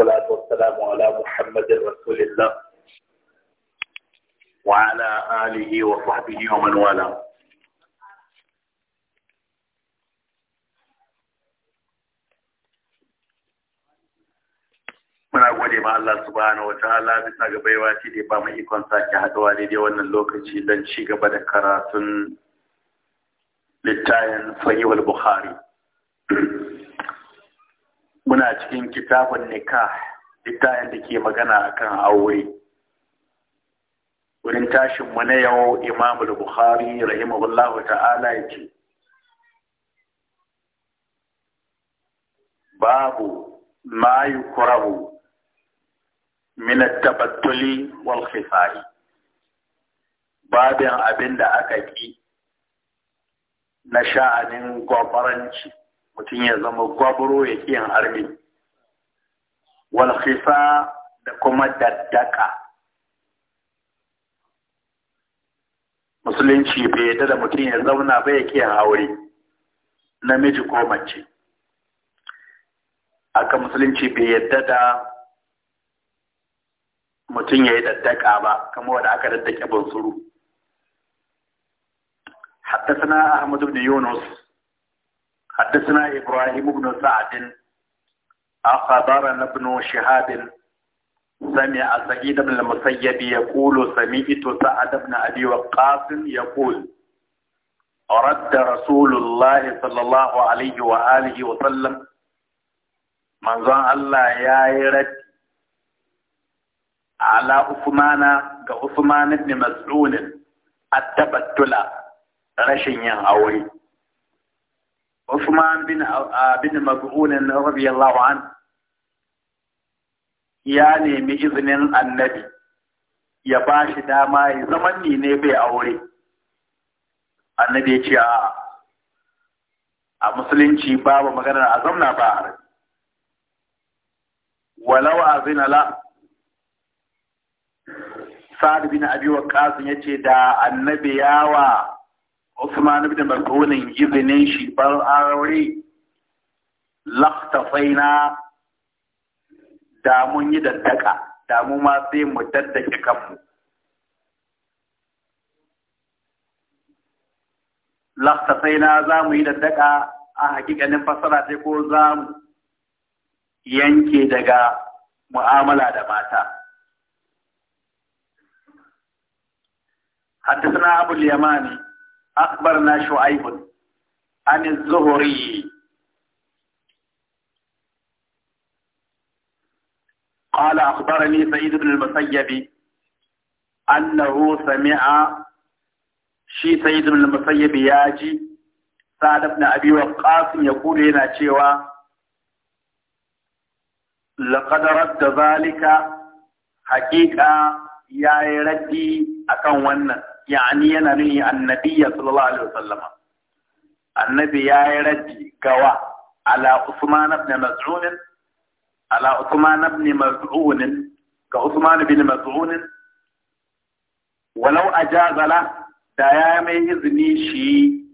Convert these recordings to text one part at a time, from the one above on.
والصلاة والسلام على محمد رسول الله وعلى آله وصحبه ومن والاه muna gode ma Allah subhanahu wataala bisa ga baiwa ce da ba mu ikon sake haduwa daidai wannan lokaci don ci gaba da karatun littayin sahihul bukhari muna cikin kitabun nikah ita da ke magana akan aure wurin tashin mu na yau imam bukhari rahimahullahu ta'ala ya ce babu ma yukrahu min at-tabattuli wal khifai babin abinda aka ki na sha'anin gwabaranci mutum ya zama gwaburo ya yin harbi wal da kuma daddaka musulunci bai yadda da mutum ya zauna bai ya yin aure namiji ko mace aka musulunci bai yadda da mutum ya yi daddaka ba kama wadda aka daddake bunsuru حدثنا أحمد بن يونس حدثنا إبراهيم بن سعد أخبرنا ابن شهاب سمع سعيد بن المسيب يقول سمعت سعد بن أبي وقاص يقول رد رسول الله صلى الله عليه وآله وسلم من ظن الله يا رد على عثمان كعثمان بن مسعود التبتل رشيا أوي Uthman bin ah, bin Mab'un radiyallahu an ya nemi izinin annabi ya ba shi dama ya zaman ni ne bai aure annabi ya ce a a musulunci babu maganar a zamna ba a rai walau a zinala sa'ad bin abi ya ce da annabi yawa Usman ibn Mas'udin izinin shi bar aure laftafaina da mun yi daddaka da mu ma sai mu daddake kanmu laftafaina za mu yi daddaka a hakikanin fassara sai ko za mu yanke daga mu'amala da mata حدثنا أبو اليماني أخبرنا شعيب عن الزهري قال أخبرني سيد بن المسيب أنه سمع شي سيد بن المسيب ياجي سعد بن أبي وقاص يقول هنا شيوا لقد رد ذلك حقيقة يا ردي أكون ونن يعني أنا نبي النبي صلى الله عليه وسلم النبي يا رجي كوا على عثمان بن مزعون على عثمان بن مزعون كعثمان بن مزعون ولو أجاز له دايامي إذني شي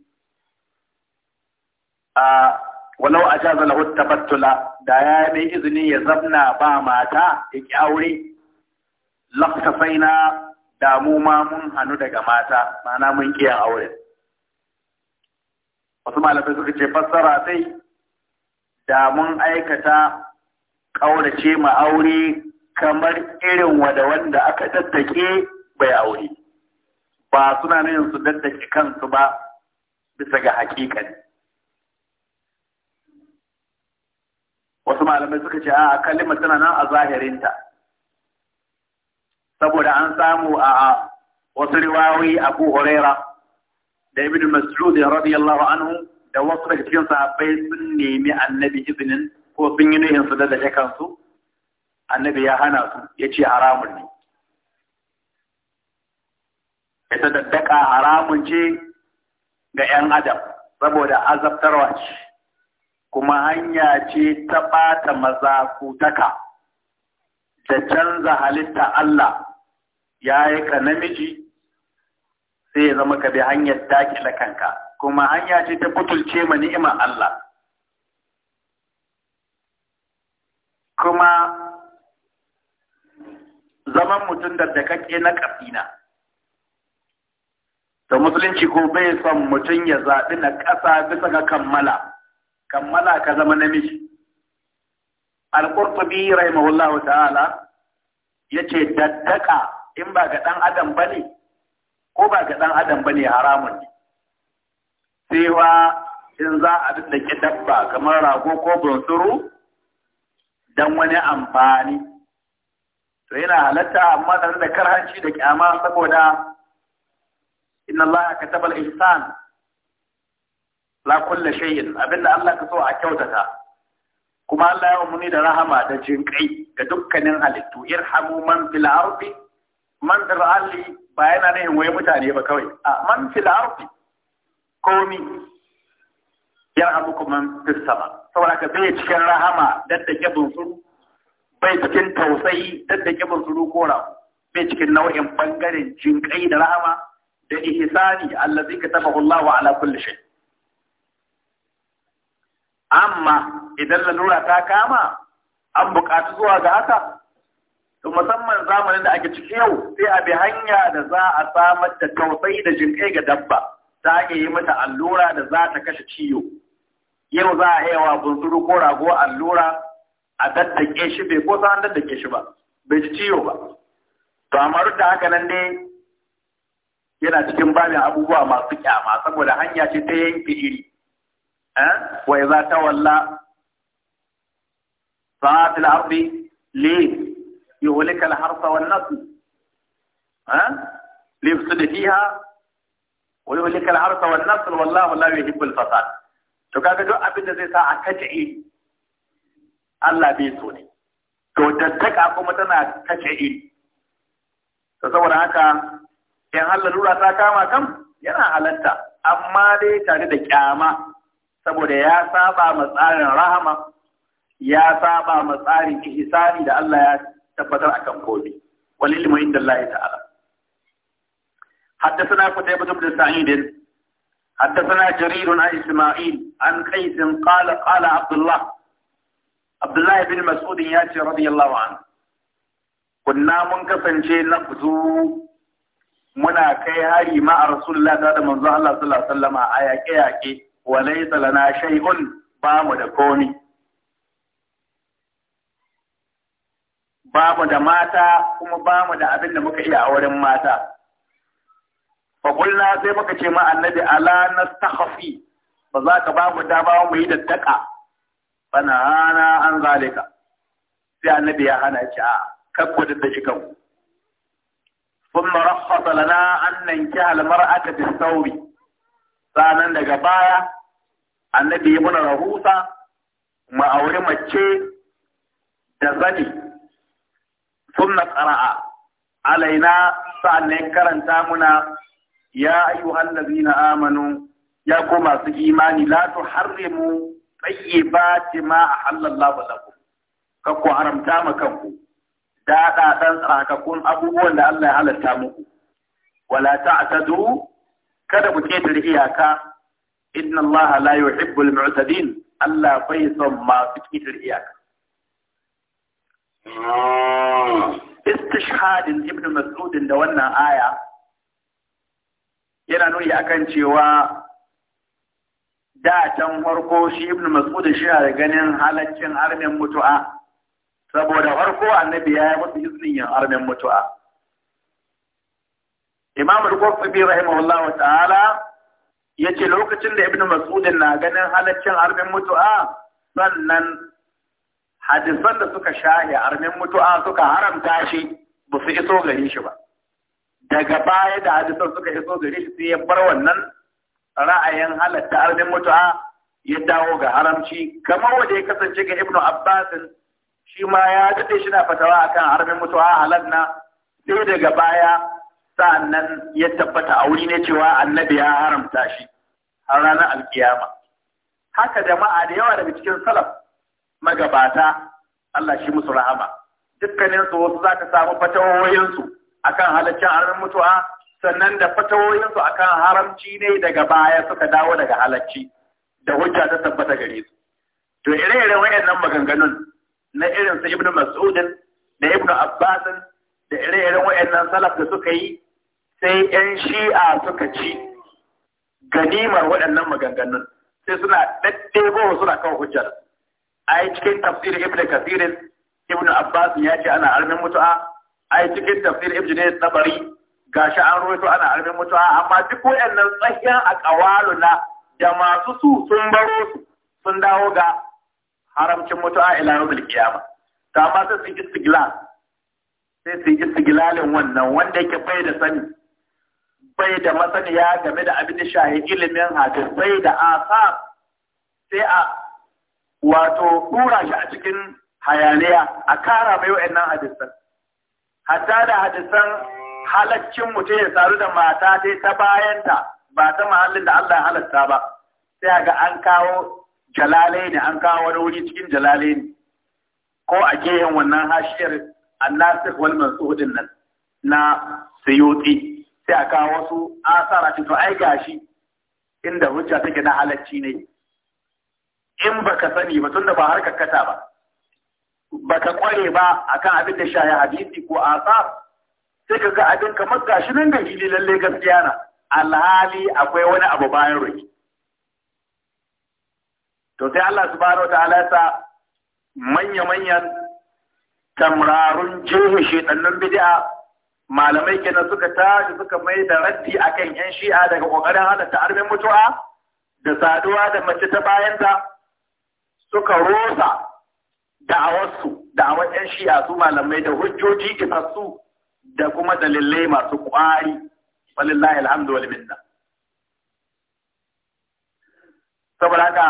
آه، ولو أجاز له التبتل دايامي إذني يزبنا باماتا إكي أولي لقصفينا da mu ma mun hannu daga mata mana mun kiyan aure wasu malamai suka ce fassara sai da mun aikata ƙaurace ma aure kamar irin wada wanda aka daddake bai aure ba suna nuna su daddake kansu ba bisa ga hakikani wasu malamai suka ce a kalima tana nan a zahirinta saboda an samu a wasu riwawi Abu Huraira da Ibn Mas'ud radiyallahu anhu da wasu daga cikin sahabbai sun nemi annabi izinin ko sun yi nuhin su da da kansu annabi ya hana su ya ce haramun ne ita daddaka haramun ce ga 'yan adam saboda azabtarwa ce kuma hanya ce ta ɓata mazakutaka da canza halitta Allah ya yi ka namiji sai ya zama ka bi hanyar dakila kanka kuma hanya ce ta butulce ma ni'imar Allah kuma zaman mutum da na ƙasina da musulunci ko bai son mutum ya zaɓi na ƙasa bisa ga kammala kammala ka zama namiji al-qurtubi rahimahullahu ta'ala yace daddaka in ba ga ɗan adam ba ne ko ba ga ɗan adam ba ne haramun ne sai wa in za a da ƙi dabba kamar rago ko bunsuru don wani amfani to yana halatta amma da da karhanci da kyama saboda inna Allah ka tabal ihsan la kulli shay'in abinda Allah ka so a kyautata kuma Allah ya umuni da rahama da jinkai ga dukkanin halittu irhamu man fil ardi man da alli ba yana da yin waye mutane ba kawai a man fil ardi komi yarhamukum man fis sama saboda ka bai cikin rahama da daddake bunsuru bai cikin tausayi da bunsuru ko kora, bai cikin nau'in bangaren jinkai da rahama da ihsani allazi katabahu Allah ala kulli shay amma idan lalura ta kama an buƙatu zuwa ga haka to zamanin da ake ciki yau sai a bi hanya da za a samar da tausayi da jinkai ga dabba ta ake yi mata allura da za ta kashe ciwo yau za a iya wa bunsuru ko rago allura a daddake shi bai ko san daddake shi ba bai ci ciwo ba to amma duk da haka nan dai yana cikin bani abubuwa masu kyama saboda hanya ce ta yanke iri eh? Wai za ta walla sa'atul ardi li يهلك الحرث والنسل ها ليفسد فيها ويهلك الحرث والنسل والله لا يحب الفساد to kaga duk abin da zai sa a kace Allah bai so ne to daddaka kuma tana kace in. to saboda haka in har lalura ta kama kam yana halatta amma dai tare da kyama saboda ya saba ma tsarin rahama ya saba ma tsarin ihsani da Allah ya tabbatar akan komi wal ilmu inda Allah ta'ala حدثنا قتيبة بن سعيد حدثنا جرير عن إسماعيل عن قيس قال قال عبد الله عبد الله بن مسعود ياتي رضي الله عنه كنا منكسن شيء نقزو منا كي هاري مع رسول الله تعالى من الله صلى الله عليه وسلم آية كي وليس لنا شيء بام دكوني ba mu da mata kuma ba mu da abin da muka iya a wurin mata fakulna sai muka ce ma annabi ala sahafi ba za ka ba mu dama mu yi daka. bana hana an zalika sai annabi ya hana ki a kakku da shi kanku an nan ki halmar aka fi sauri. sanan daga baya annabi ya muna rahusa mu aure mace da zani sun na ƙara'a alaina sa'annan karanta muna ya ayyuhan lazina amanu ya ko masu imani la tuharrimu tayyibati ma ahallallahu lakum ka ku haramta ma kanku da ɗan tsakakun abubuwan da Allah ya halatta muku wala ta'tadu kada ku ketare iyaka inna Allah la yuhibbul mu'tadin Allah bai son masu ketare iyaka istishhadin ibn mas'udin da wannan aya yana nuni akan cewa da can farko shi ibn mas'udin shi da ganin halaccin armin mutu'a saboda farko annabi ya yi musu izinin yin armin mutu'a imam al-qurtubi rahimahullahu ta'ala yace lokacin da ibn mas'udin na ganin halaccin armin mutu'a sannan hadisan da suka shahe armin mutu'a suka haramta shi ba su iso gare shi ba daga baya da hadisan suka iso gare shi sai ya bar wannan ra'ayin halatta armin mutu'a ya dawo ga haramci kamar wanda ya kasance ga ibnu abbas shi ma ya dade shi na fatawa akan armin mutu'a halanna sai daga baya sa'annan ya tabbata a wuri ne cewa annabi ya haramta shi har ranar alkiyama haka jama'a da yawa daga cikin salaf magabata Allah shi musu rahama dukkanin su wasu ka samu fatawoyin su akan halaccin haram mutuwa sannan da fatawoyin su akan haramci ne daga baya suka dawo daga halacci da hujja ta tabbata gare su to ire-iren wayannan maganganun na irin su Ibn Mas'udin da Ibn Abbasin da ire-iren wayannan salaf da suka yi sai 'yan shi'a suka ci ganimar waɗannan maganganun sai suna ɗaɗɗebo suna kawo hujjar ai cikin tafsir ibn kathir ibnu abbas ya ce ana armin mutu'a ai cikin tafsir na Bari. tabari shi an rawaito ana armin mutu'a amma duk wayannan tsahiyan na da masu su sun baro su sun dawo ga haramcin mutu'a ila yawmil qiyama ta ba sai su istiglal sai su yi sigilalin wannan wanda yake bai da sani bai da masaniya game da abin da shahi ilimin bai da asar sai a wato ɗura shi a cikin hayaniya a kara mai wa'annan hadisan hatta da hadisan halaccin mutum ya saru da mata sai ta bayanta ba ta mahallin da Allah ya halatta ba sai ga an kawo jalalai ne an kawo wani wuri cikin jalalai ne ko a gehen wannan hashiyar annasir wal mansudin nan na suyuti sai a kawo wasu asara ce to ai gashi inda hujja take na halacci ne in baka sani ba tunda ba harkar kata ba baka kware ba akan abin da shaye hadisi ko asar sai ka ga abin kamar gashi nan gashi ne lalle gaskiya na alhali akwai wani abu bayan ruhi to sai Allah subhanahu wataala ya sa manya-manyan tamrarun jehu shedannin bid'a malamai kenan suka tashi suka mai da raddi akan yan shi'a daga kokarin halatta arbin mutuwa da saduwa da mace ta bayanta suka rosa da'awarsu da'awar 'yan shi'a su malamai da hujjoji isassu da kuma dalilai masu ƙwari walillahi alhamdu wal minna saboda haka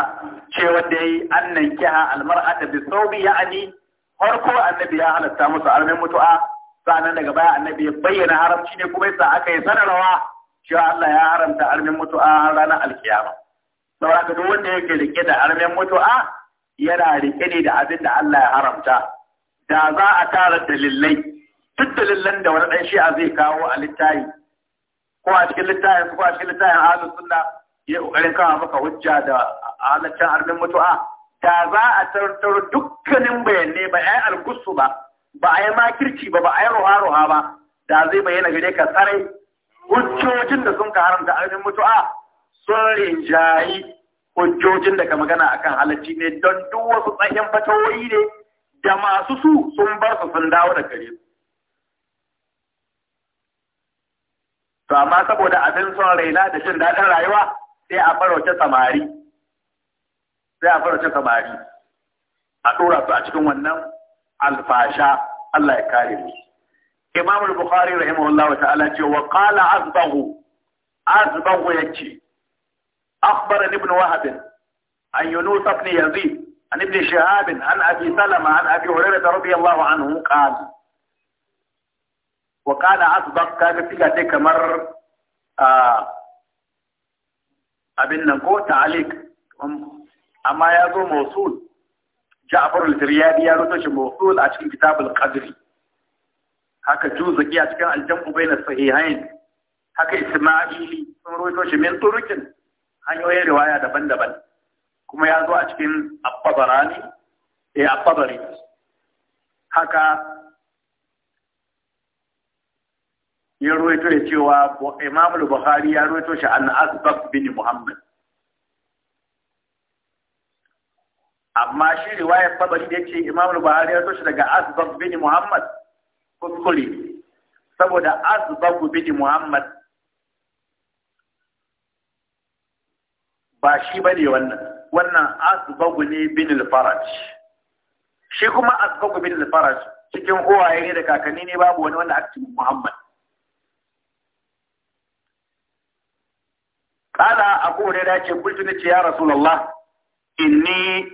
wanda da yi annan kiha almar'ata bi saubi ya'ani farko annabi ya halatta musu armin mutu'a sannan daga baya annabi ya bayyana haramci ne kuma yasa aka yi sanarwa cewa Allah ya haramta armin mutu'a ranar alkiyama saboda haka duk wanda yake rike da armin mutu'a yana rike ne da abin da Allah ya haramta da za a tara dalilai duk dalilan da wani dan shi'a zai kawo a littafi ko a cikin littayin ko a cikin littayin ahlus sunna ya kokarin kawo maka hujja da halaccin arnin mutu'a da za a tattaro dukkanin bayanai ba ai algusu ba ba a yi makirci ba ba a yi roha-roha ba da zai bayyana gare ka tsarai hujjojin da sun ka haramta ainihin mutu'a sun rinjayi hujjojin da ka magana akan halacci ne don duk wasu tsakiyar fatawoyi ne da masu su sun bar su sun dawo da gare su to amma saboda abin son raina da shin daɗin rayuwa sai a farauce samari sai a farauce samari a ɗora su a cikin wannan alfasha Allah ya kare mu Imam bukhari rahimahullah ta'ala ce wa qala azbahu azbahu yace أخبرني ابن وهب عن يونس بن يزيد عن ابن شهاب عن أبي سلمة عن أبي هريرة رضي الله عنه قال وقال أسبق كان في مر آه، أبن نقو تعليق أما يظهر موصول جعفر الفريابي يرتج موصول أشكي كتاب القدر هكا جوز كي أشكي الجمع بين الصحيحين هكا إسماعيلي من طرق hanyoyin riwaya daban-daban kuma ya zo a cikin abbabarani e eh, abbabari haka ya ruwaito da cewa Imam Bukhari ya ruwaito shi an Asbab bin Muhammad amma shi riwaya babari da ce Imam Bukhari ya ruwaito shi daga Asbab bin Muhammad kuskure saboda Asbab bin Muhammad ba shi ba ne wannan wannan asbagu ne bin al-faraj shi kuma asbagu bin al-faraj cikin uwaye ne da kakanni ne babu wani wanda aka Muhammad kala abu hurairah ce kullu ne ce ya rasulullah inni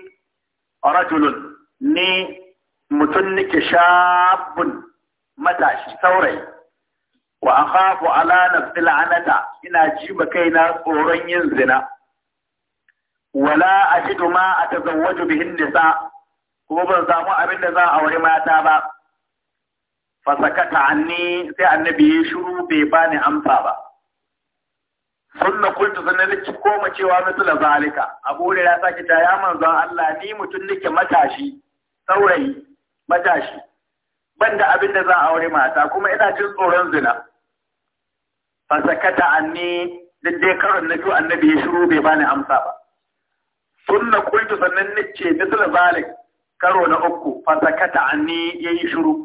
rajulun ni mutum nake shabun matashi saurayi wa akhafu ala nafsi la'anata ina ji kaina tsoron yin zina wala ajidu ma atazawwaju bihin nisa kuma ban samu abin da za a wuri mata ba fasakata anni sai annabi ya shiru bai bani amsa ba sunna kultu na nake koma cewa misala zalika abu da ya saki ta ya manzon Allah ni mutun nake matashi saurayi matashi banda abin da za a wuri mata kuma ina cin tsoron zina fasakata anni duk dai karon na biyu annabi ya shiru bai bani amsa ba sunna kultu sannan ce misal zalik karo na uku fa sakata anni yayi shiru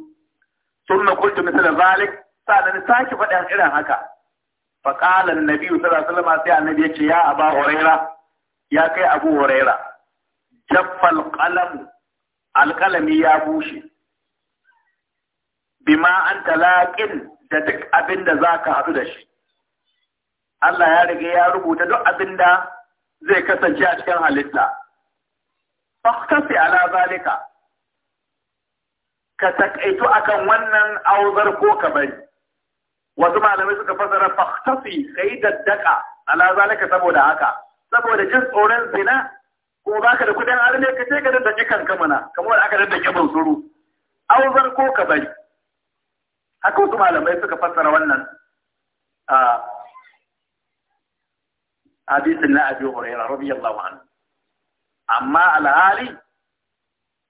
sunna kultu misal zalik sannan sake faɗa irin haka fa qala annabi sallallahu alaihi wasallam sai annabi ce ya aba huraira ya kai abu huraira jaffal qalam alkalami ya bushe bima an talaƙin da duk abinda zaka hadu da shi Allah ya riga ya rubuta duk abinda zai kasance a cikin halitta faktasi ala zalika ka takaitu akan wannan auzar ko ka bari wasu malamai suka fasara ka yi daddaka ala zalika saboda haka saboda jin tsoron zina ko ka da kudin arne ka ce ka daddake kanka mana kamar aka daddake suru. auzar ko ka bari haka wasu malamai suka fassara wannan ah, hadisin na Abi Hurairah radiyallahu anhu amma alhali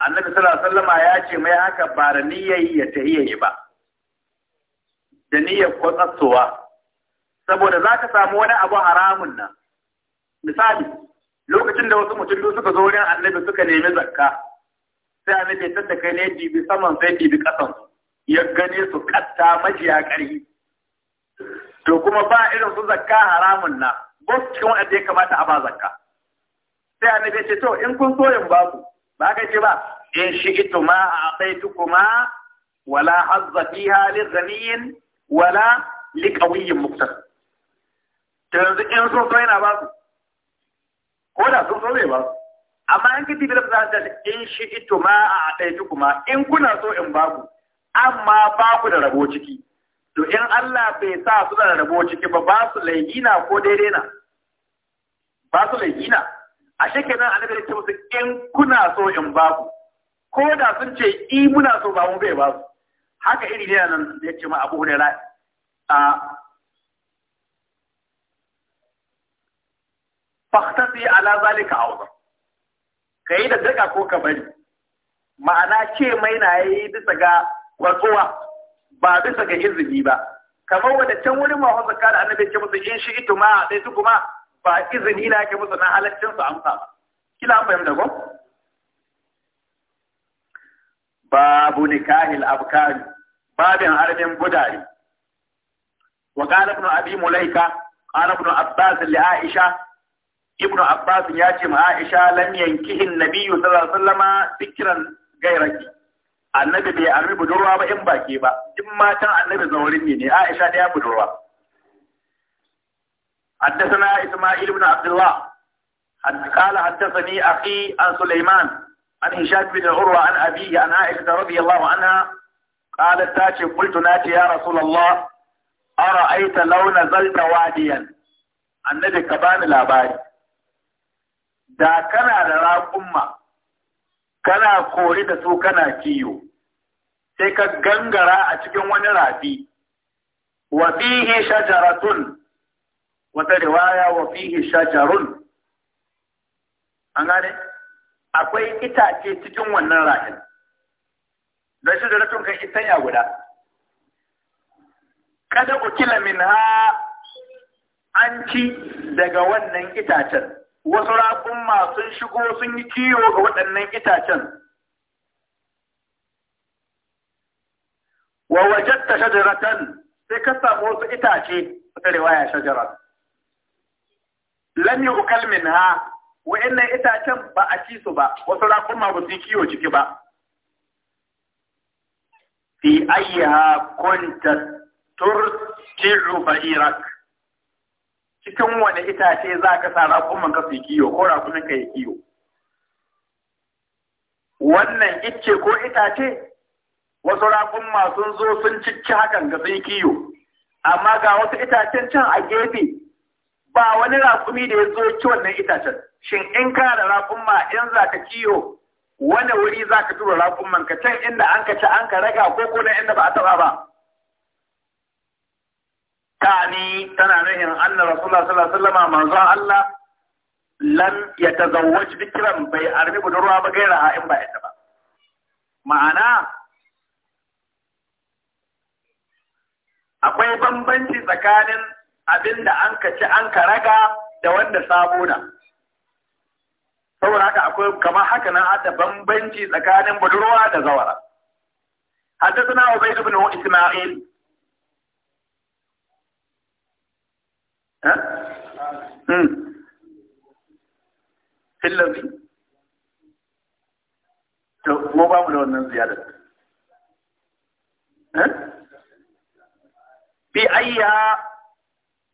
annabi sallallahu alaihi wasallama ya ce mai haka ba da niyyar ya tahiyayi ba da niyyar kwatsatsowa saboda za ka samu wani abu haramun nan misali lokacin da wasu mutum biyu suka zo wurin annabi suka nemi zakka sai annabi ya da kai ne dibi saman sai dibi kasan ya gane su katta majiya ƙarfi to kuma ba irin su zakka haramun nan ba cikin wanda ya kamata a ba zakka sai annabi ya ce to in kun so in baku, ba ka ce ba in shi ito ma a aqaitukuma wala hazza fiha lirghaniyin wala liqawiyyin muktar to yanzu in so so yana ba ko da sun so bai baku? amma in ka tibi lafza da in shi ito ma a aqaitukuma in kuna so in baku, amma baku da rabo ciki to in Allah bai sa su da rabo ciki ba ba su laihina ko daidai na ba su laihina a nan annabi ya ce musu in kuna so in ba ku ko da sun ce i muna so ba mu bai ba su haka iri ne nan ya ce ma Abu ne rai a fahtasi ala zalika awzar kai da daga ko ka bari ma'ana ce mai na yi bisa ga kwatsuwa ba bisa ga izini ba kamar wanda can wurin ma wanda kada annabi ke musu in shi ituma dai su kuma ba izini na ke musu na halaccin su amsa ba kila an fahimta ko babu nikahil abkari babin harbin gudari wa qala ibn abi mulaika qala ibn abbas li aisha ibn abbas ya ce ma aisha lam yankihin nabiyyu sallallahu alaihi wasallama fikran gairaki annabi bai ami budurwa ba in baki ba in matan annabi zaurin ne aisha da ya budurwa حدثنا إسماعيل بن عبد الله قال حدثني أخي عن سليمان عن هشام بن عروة عن أبيه عن عائشة رضي الله عنها قالت تاتي قلت ناتي يا رسول الله أرأيت لو نزلت واديا النبي كبان الأباري da kana da امه kana kori da su kana kiyo sai ka gangara a cikin wani rafi wa fihi shajaratun wata riwaya wa fihi shajarun an gane akwai itace cikin wannan rafin don shi da ratun kan isanya guda kada ku kila min ha an ci daga wannan itacen wasu raƙumma sun shigo sun yi kiwo ga waɗannan itacen wa wajatta shajaratan sai ka samu wasu itace wata riwaya shajara lam ukalmin ha, wa'annan itacen ba a ci su ba wasu raƙumma ba su yi kiwo ciki ba fi ayyaha kunta turti'u ba'irak cikin wani itace za ka sa raƙumin su yi kiyo ko raƙumin ka ya kiyo wannan icce ko itace wasu raƙumma sun zo sun cicci hakan ga sun kiyo amma ga wasu itacen can a gefe ba wani raƙumi da ya zo ci wannan itacen shin in ka da raƙumma in za ka kiyo wani wuri za ka tura raƙumman ka can inda an ka ci an ka raga ko kuna inda ba a taɓa ba tani tana nuhin anna rasulullah sallallahu alaihi wasallam manzo Allah Lan lam yatazawwaj bikran bai armi budurwa ba gaira a in ba ita ba ma'ana akwai bambanci tsakanin abinda an kaci an raga da wanda sabo na saboda haka akwai kamar haka nan hada bambanci tsakanin budurwa da zawara حدثنا ubayd ibn isma'il fillazi hmm. to mu ba mu da wannan ziyarar bi ayya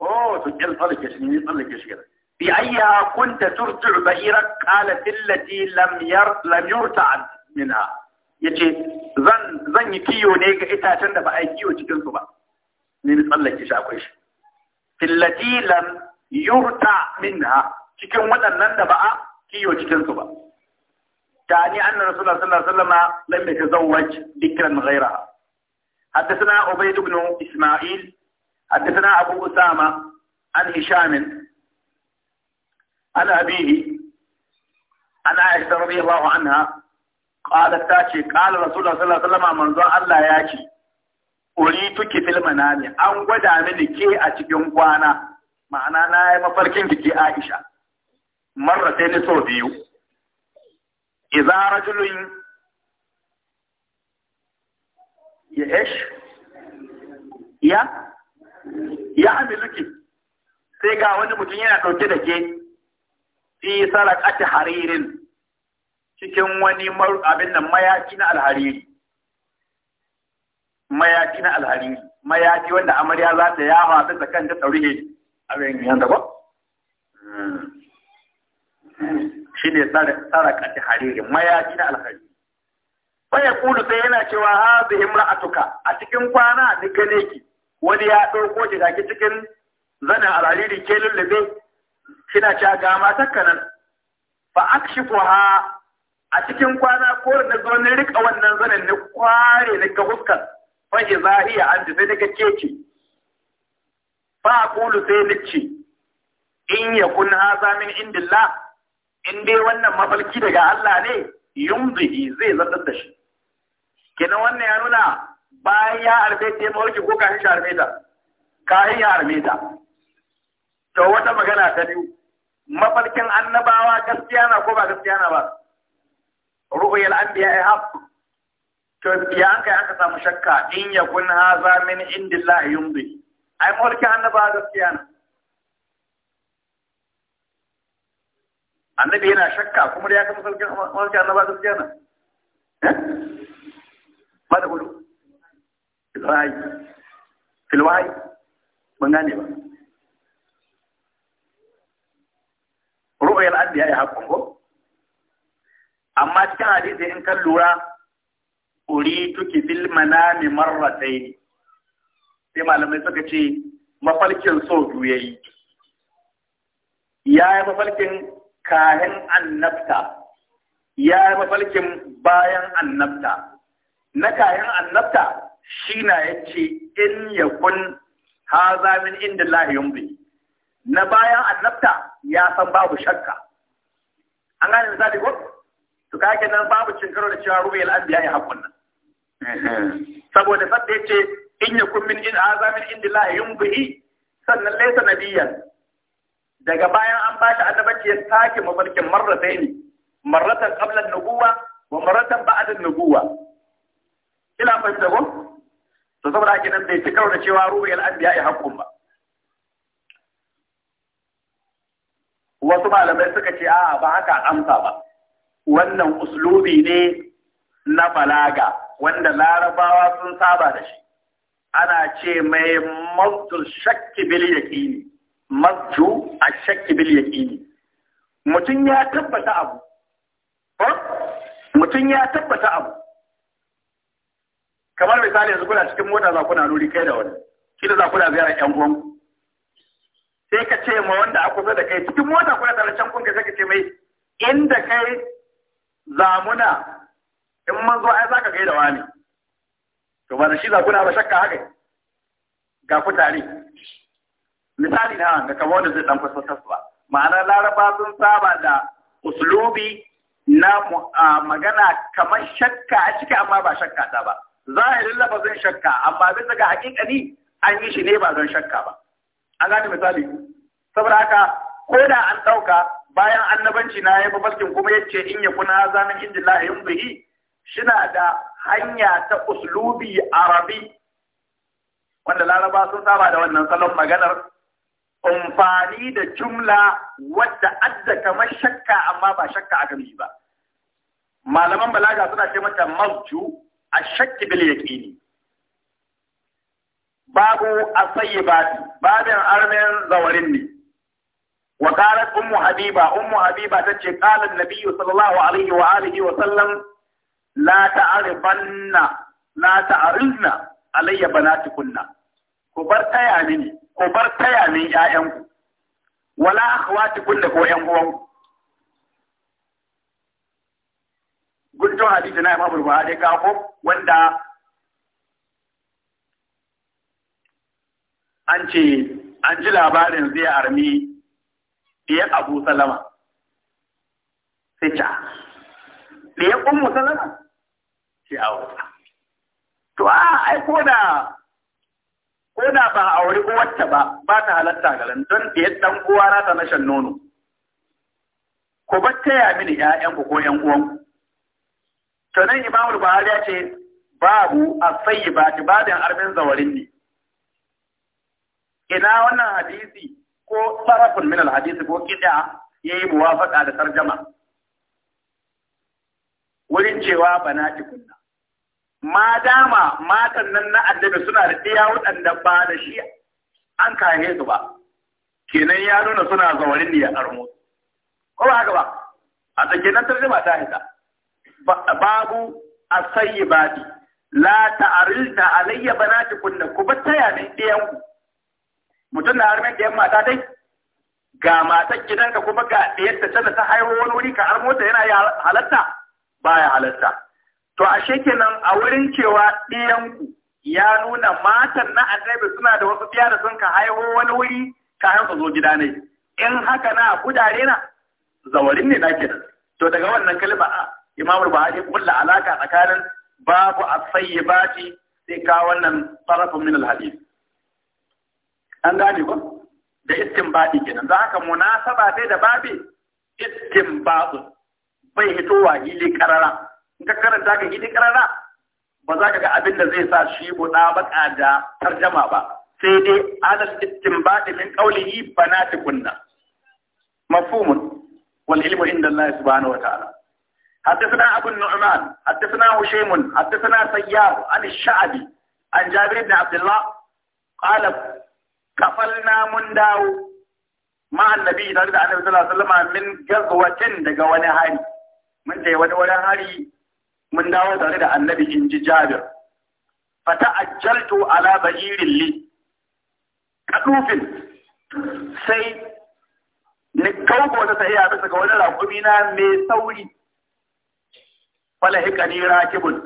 oh to kin tsallake shi ne tsallake shi bi ayya kunta turtu ba'irak qala fillati lam yar lam yurta minha yace zan zan yi kiyo ne ga itacen da ba a yi kiyo cikin su ba ne ni tsallake shi akwai shi في التي لم يرتع منها cikin waɗannan da كي a kiyo cikinsu ba ta الله anna rasulullah sallallahu alaihi wasallam lam yatazawwaj dikran حدثنا عبيد بن اسماعيل حدثنا ابو اسامه عن هشام عن ابيه عن عائشه رضي الله عنها قالت تاتي قال رسول الله صلى الله عليه وسلم من ذا الله ياتي kori tuki na ne, an gwada mini ke a cikin kwana ma'ana na yi mafarkin jiki Aisha marra sai ni so biyu idza rajulun ya ish ya ya amiluki sai ga wani mutum yana ɗauke da ke fi sarakati haririn cikin wani abin nan mayaki na alhariri mayaki na alharini mayaki wanda amarya za ta yawa ta kan ta taurihe a bayan yanda ba? shi ne tsara kashi hariri mayaki na alharini fa ya kudu sai yana cewa ha bi imra'atuka a cikin kwana ni gane ki wani ya ɗauko ki daki cikin zanen alhariri ke lullube kina cewa ga matakka nan fa ha a cikin kwana ko na zo ni rika wannan zanen na kware na ga huskar za a iya an sai daga keke a Kulu sai nace in yakun haza min indilla? in dai wannan mafalki daga Allah ne yun zai zartar da shi kenan wannan ya nuna bayan ya harbe ta yi mawarki ko kayan shi harbe ta kayan ya harbe ta to wata magana ta biyu Mafalkin annabawa gaskiya na ko ba gaskiya na ba ru'uyal anbiya ai haqq to ya an kai aka samu shakka in ya kun haza min indillah yumbi ai mulki annaba gaskiya ne annabi yana shakka kuma da ya kama sarkin mulki annaba gaskiya ne ba da hudu filwayi filwayi ban gane ba ru'ayar addiya ya hakkun ko amma cikin hadisi in kan lura urituki bil manami marratayn sai malamai suka ce mafalkin so biyu yayi ya yi mafalkin kahin annabta ya yi mafalkin bayan annabta na kayan annabta shi na ya ce in ya kun haza min inda lahiyun bi na bayan annabta ya san babu shakka an gane misali ko to kake nan babu cinkar da cewa rubi al'adu ya hakkun nan saboda sadda ce, in ya kummin in azamin yin yumbi sannan na biyan, daga bayan an bashi annabaci ya sake mafarkin marrataini marratan qabla an-nubuwa wa marratan ba'adin an-nubuwa ila fahimta ko to saboda haka nan bai ci da cewa ruhu al anbiya ya hakkun ba wasu malamai suka ce a'a ba haka amsa ba wannan uslubi ne na balaga wanda larabawa sun saba da shi ana ce mai mazdul shakki bil yaqini mazdu a shakki bil yaqini mutum ya tabbata abu mutun ya tabbata abu kamar misali yanzu kuna cikin mota za kuna nuri kai da wani shi da za kuna ziyara yan uwan sai ka ce ma wanda a kusa da kai cikin mota kuna tare can kun sai ka ce mai inda kai zamuna in man zo ai zaka gaida wani to ba da shi za kuna ba shakka haka ga ku tare misali na da kamar da zai dan fasfasarwa ma'ana laraba sun saba da uslubi na magana kamar shakka a ciki amma ba shakka ta ba zahirin lafazin shakka amma bisa daga hakikani an yi shi ne ba don shakka ba an gani misali saboda haka ko da an ɗauka bayan annabanci na ya mafarkin kuma ya ce in ya kuna zanen inda la yin yi. shina da hanya ta uslubi arabi wanda laraba sun saba da wannan salon maganar amfani da jumla wadda adda kamar shakka amma ba shakka a yi ba malaman balaga suna ce mata mazju a shakki bil yaqini babu asayyibati babin armen zawarin ne wa qalat ummu habiba ummu habiba tace qala an-nabiy sallallahu alaihi wa alihi wa sallam la ta'arifanna la ta'arinna alayya banatukunna ku bar taya mini ku bar taya min ƴaƴanku wala akhwatikunna ko ƴan uwanku gudun hadisi na Imam dai ka ko wanda an ce an ji labarin zai armi ɗiyar Abu Salama. Sita. Ah, ɗiyar Ummu Salama sai a wuta to a ai ko da ba a wuri kowace ba ba ta halatta garin don da ya dan uwa rata na shan nono ku bar mini ku ko ƴan uwanku to nan imamul buhari ya ce babu ba sayyibati badan arbin zawarin ne ina wannan hadisi ko sarafin min hadisi ko kida buwa muwafaqa da tarjama wurin cewa banati kunna ma dama matan nan na addabi suna da iya waɗanda ba da shi an kahe su ba kenan ya nuna suna zawarin ne ya armo ko ba haka ba a tsakiyar nan tarjuma ta hita babu a asayyibati la ta'arilna alayya banati kunna ku taya ne ɗiyan ku mutum na harmin ɗiyan mata dai ga matan gidanka kuma ga ɗiyar ta ta haihu wani wuri ka armo ta yana halatta baya halatta To ashe kenan a wurin cewa ɗiyanku ya nuna matan na annabi suna da wasu ɗiya da sun ka haihu wani wuri kayan su zo gida ne. In haka na kudare na zawarin ne na kenan. To daga wannan kalma a Imam Buhari kulla alaka tsakanin babu asayyibati sai ka wannan sarafin min An gane ko? Da istinbadi kenan. Za haka munasaba sai da babi istinbadu bai hito wa hili karara. in ka karanta ka gidi karara ba za ka ga abin da zai sa shi buɗa baka da tarjama ba sai dai alal istinbadi min qawlihi banatikunna mafhumun wal ilmu inda Allah subhanahu wa ta'ala حدثنا أبو النعمان حدثنا هشيم حدثنا سيار عن الشعبي عن جابر بن عبد الله قال كفلنا من مع النبي صلى الله عليه وسلم من غزوة دقا ونهاري من جاي ونهاري mun dawo tare da annabi in ji jabir fata ajjaltu ala ba'irin li kadufin sai ni kauko ta tsaye bisa ga wani raƙumi na mai sauri fala hikani rakibun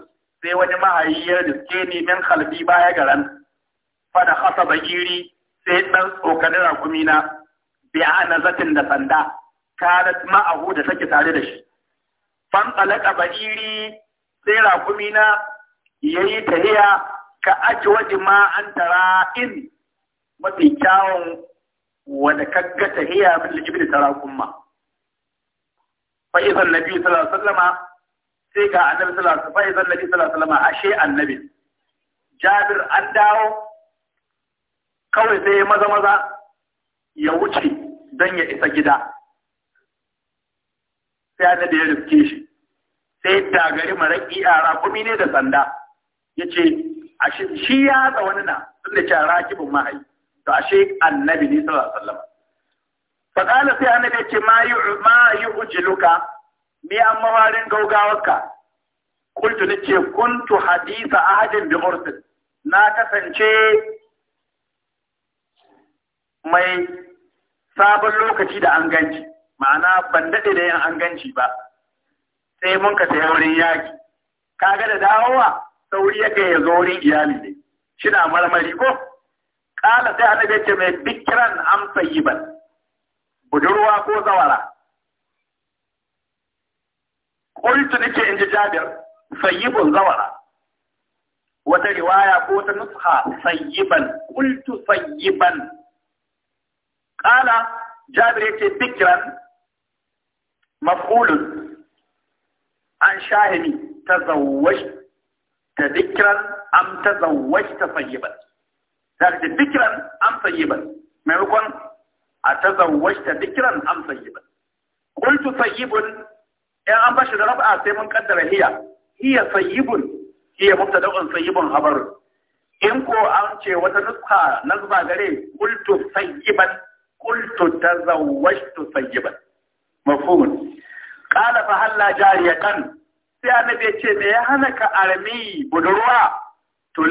sai wani mahayyar da ne min khalfi baya garan fada hasa bagiri sai dan tsokani raƙumi na bi'a na zatin da sanda kanat ma'ahu da take tare da shi fan talaka bagiri sai raƙumi na yi tahiya ka aji waje ma an tara in mafi kyawun wanda kagga tahiya min da tara kuma. Fa'izan nabi sallallahu alaihi wasallama sai ga annabi sallallahu alaihi wasallam idan nabi sallallahu alaihi wasallama ashe annabi jabir an dawo kawai sai ya maza maza ya wuce don ya isa gida sai annabi ya riske shi sai tagari maraƙi a rakumi ne da sanda ya ce shi ya haɗa wani na sun da cara kibin mahai to ashe annabi ne sallallahu alaihi wasallam fakala sai annabi ya ce ma yi ma yi ujiluka an mawarin gaugawarka kultu ni ce kuntu hadisa ahadin bi ursin na kasance mai sabon lokaci da an ganci ma'ana ban daɗe da yin an ganci ba sai mun ka sai wurin yaki kaga da dawowa sauri yake ya zo wurin iyali ne shi na marmari ko kala sai annabi ya ce mai bikiran am tayyiban budurwa ko zawara qultu nake inji jabir tayyibun zawara wata riwaya ko ta nusha tayyiban qultu tayyiban kala jabir yake bikran maf'ulun an shahimi tazawwaj ta dikran am tazawwaj ta sayyiban zaka ta dikran am sayyiban maimakon a ta tazawwaj ta an dikran am sayyiban qultu sayyibun in an bashi da rab'a sai mun kaddara hiya hiya sayyibun hiya mubtada'un sayyibun habar in ko an ce wata nuska zuba gare ban ta sayyiban qultu tazawwajtu ban mafhumun Ƙala fa halla jariyatan sai annabi ya ce me ya hana ka armi budurwa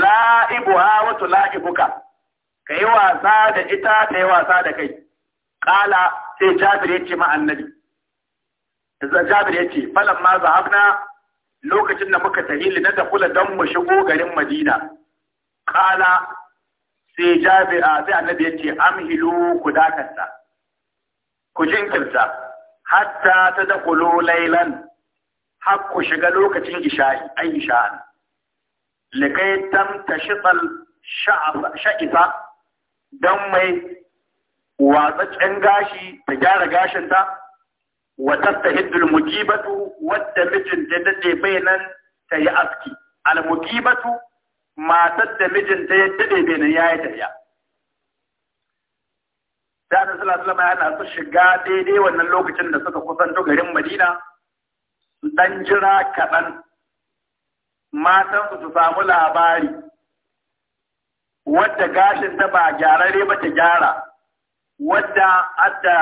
ha wa tula'ibuka ka yi wasa da ita ta yi wasa da kai ƙala sai jabir ya ce ma annabi jabir ya ce falan ma zahabna lokacin da muka tafi na da kula don mu shigo garin madina ƙala sai jabir sai annabi ya ce amhilu ku dakata ku jinkirta hatta ta da dakulo lailan hakku shiga lokacin isha'i ai isha'an likai tam tashqal sha'ifa dan mai watsaccen gashi ta gyara gashinta wa tastahiddul mujibatu wadda mijinta dade bainan ta yi aski al mujibatu matar da mijinta ya dade bainan yayi tafiya sai annabi sallallahu alaihi yana su shiga daidai wannan lokacin da suka kusanto garin Madina dan jira kaɗan matan su samu labari wadda gashin ta ba gyararre ba ta gyara wadda adda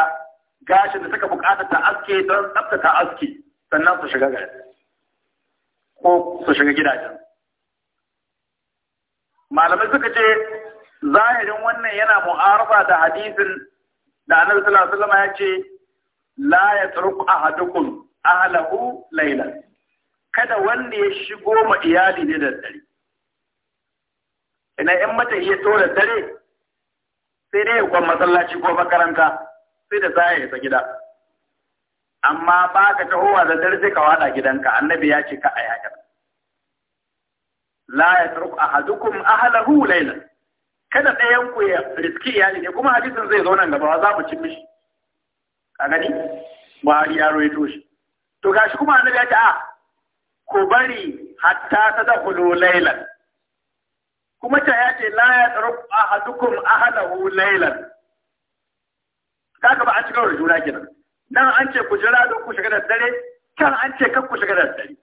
gashin da suka bukata ta aske don tsabtata aske sannan su shiga garin ko su shiga gidajen malamai suka ce zahirin wannan yana mu'araba da hadisin da annabi sallallahu alaihi wasallam ya ce la yatruku ahadukum ahlahu layla kada wanda ya shigo ma iyali ne da dare ina in mata iya to dare sai dai kwan masallaci ko makaranta sai da zai ya gida amma ba ka tahowa da dare sai ka wada gidanka annabi ya ce ka a yaƙar la ya turku ahadukum ahlahu layla kada ɗayan ku ya riski iyali ne kuma hadisin zai zo nan gaba za mu ci mishi a gani Buhari ya rawaito shi to gashi kuma annabi ya ce a ah, ku bari hatta ta dakhulu laylan kuma ta ya ce la ya tsaro ahadukum ahlahu laylan kaga ba a cikin da juna kenan nan an ce ku jira don ku shiga da dare can an ce kan ku shiga da dare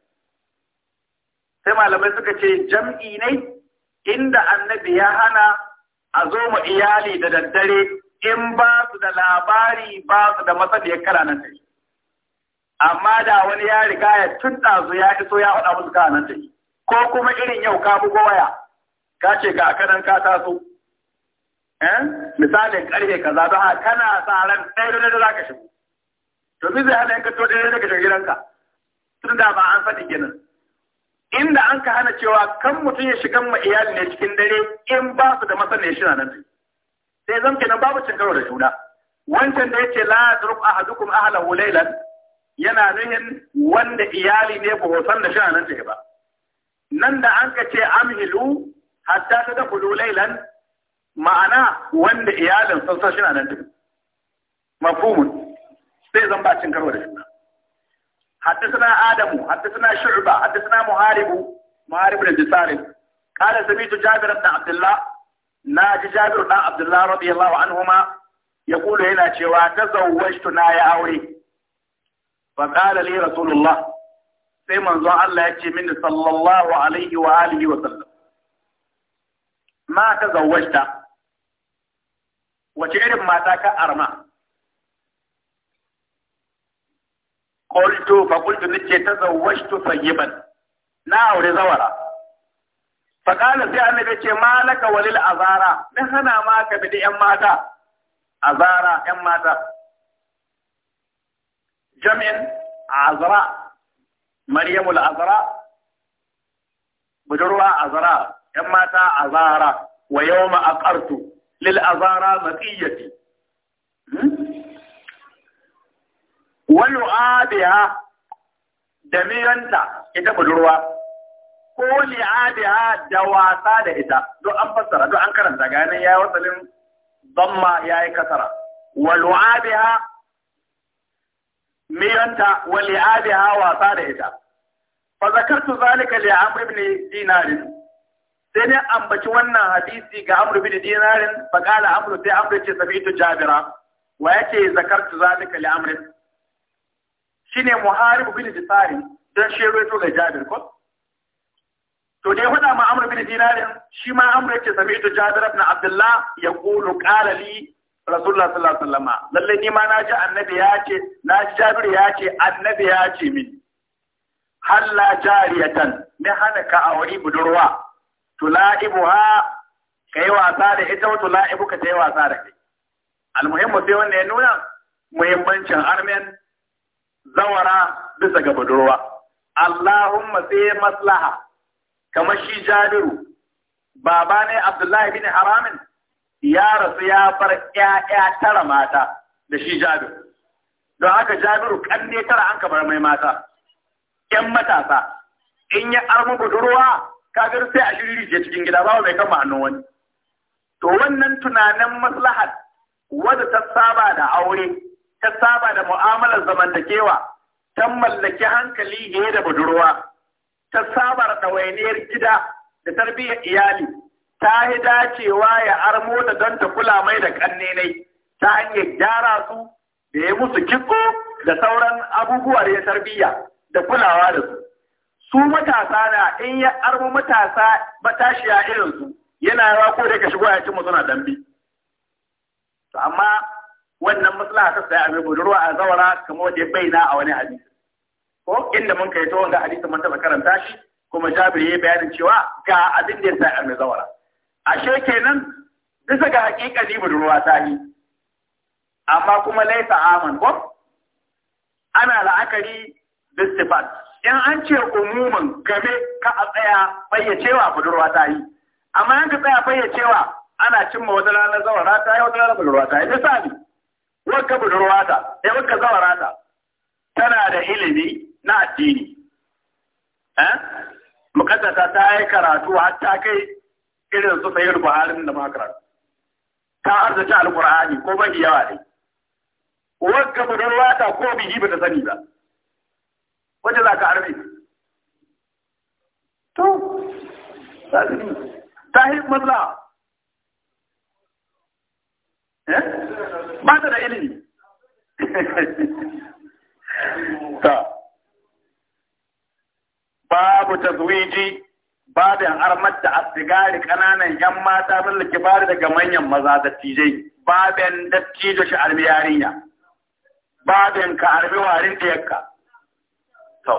sai malamai suka ce jam'i ne inda annabi ya hana a zo ma iyali da daddare in ba su da labari ba su da matsaliyar kara nan yi. Amma da wani ya riga ya tun ɗazu ya iso ya faɗa musu kara nan yi. Ko kuma irin yau ka bugo waya, ka ce ga kanan ka taso. Eh? Misalin ƙarfe kaza don haka kana sa ran ɗaya da za ka shigo. To zai hana yanka to ɗaya da ka shiga gidanka. Tun da ba an faɗi kenan. inda an ka hana cewa kan mutum ya shiga ma iyali ne cikin dare in ba su da masana shi nan sai zan kenan babu cin karo da juna wancan da yace la turub ahadukum ahlahu laylan yana nuhin wanda iyali ne ba hosan da shi nan ba nan da an ka ce amhilu hatta ta dakhulu laylan ma'ana wanda iyalin sun san shi nan tafi mafhumun sai zan ba cin karo da juna حدثنا آدم حدثنا شعبة حدثنا محارب محارب بن جسارب قال سميت جابر بن عبد الله ناجي جابر بن عبد الله رضي الله عنهما يقول هنا شوا تزوجت نايا أوري فقال لي رسول الله في من الله من صلى الله عليه وآله وسلم ما تزوجت وتعرف ما تاك أرمى قلت فقلت نجي تزوجت طيبا ناو رزورا فقال سي أنا بيتي ما لك وللأزارة نحن ما بدي أم ماتا أزارة أم ماتا جمع عزراء مريم الأزراء بجروا أزراء أم ماتا أزارة ويوم أقرت للأزارة مقيتي wani abiya da miyanta ita budurwa ko li'adiha da wasa da ita don an fassara don an karanta ganin ya yi wasalin zamma ya yi kasara wa lu'adiha miyanta wa li'adiha wasa da ita fa zakartu zalika li amr ibn dinarin sai ne ambaci wannan hadisi ga amr ibn dinarin fa qala amr sai amr ce sabitu jabira wa yake zakartu zalika li amr shine muharibu bin disari dan shi to ga jabir ko to dai faɗa ma amr bin dinar shi ma amr yake sami'tu jabir ibn abdullah kulu qala li rasulullah sallallahu alaihi wasallam lalle ni ma naji annabi ya ce naji jabir ya ce annabi ya ce min halla jariyatan ne hana ka auri budurwa ka kai wasa da ita wa tula'ibuka yi wasa da kai almuhimmu sai wanda ya nuna muhimmancin armen zawara bisa ga budurwa Allahumma sai maslaha kamar shi Jabiru baba ne Abdullahi bin Haramin ya rasu ya bar 'ya'ya tara mata da shi Jabiru don haka Jabiru kanne tara an kamar mai mata Yan matasa in ya armu budurwa kagar sai a shiri je cikin gida ba mai kama hannun wani to wannan tunanin maslahar wadda ta saba da aure ta saba da mu'amalar zamantakewa ta mallaki hankali ne da budurwa ta saba da ɗawainiyar gida da tarbiyyar iyali ta yi dacewa ya armo da don ta kula mai da ƙannenai, ta hanyar gyara su da ya musu kiko da sauran abubuwa da ya tarbiyya da kulawa da su su matasa na in ya armo matasa matashiya irin su yana yawa ko da ka shigo ya ci mu suna dambe amma wannan maslaha ta sai abin budurwa a zawara kamar wanda baina bayyana a wani hadisi ko inda mun kai to wanda hadisi mun taba karanta shi kuma Jabir yi bayanin cewa ga abin da ya sai mai zawara ashe kenan bisa ga hakikani ta yi amma kuma laisa aman ko ana la'akari bistifat in an ce umuman game ka a tsaya fayyacewa budurwa ta yi amma in ka tsaya fayyacewa ana cimma wata ranar zawara ta yi wata rana budurwa ta yi misali wanka budurwata, ta sai wanka zawara tana da ilimi na addini eh mukaddasa ta yi karatu har ta kai irin su sayyid buhari da makarar ta arzaci alqur'ani ko bai yawa ne wanka budurwata ta ko biji ba ta sani ba wace za ka arbi to ta yi matsala Eh? ba ta da ilimi ta babu tazwiji babin armar da asigari kananan yan mata min likibari daga manyan maza dattijai babin dattijo shi armi yarinya babin ka armi warin da yakka ko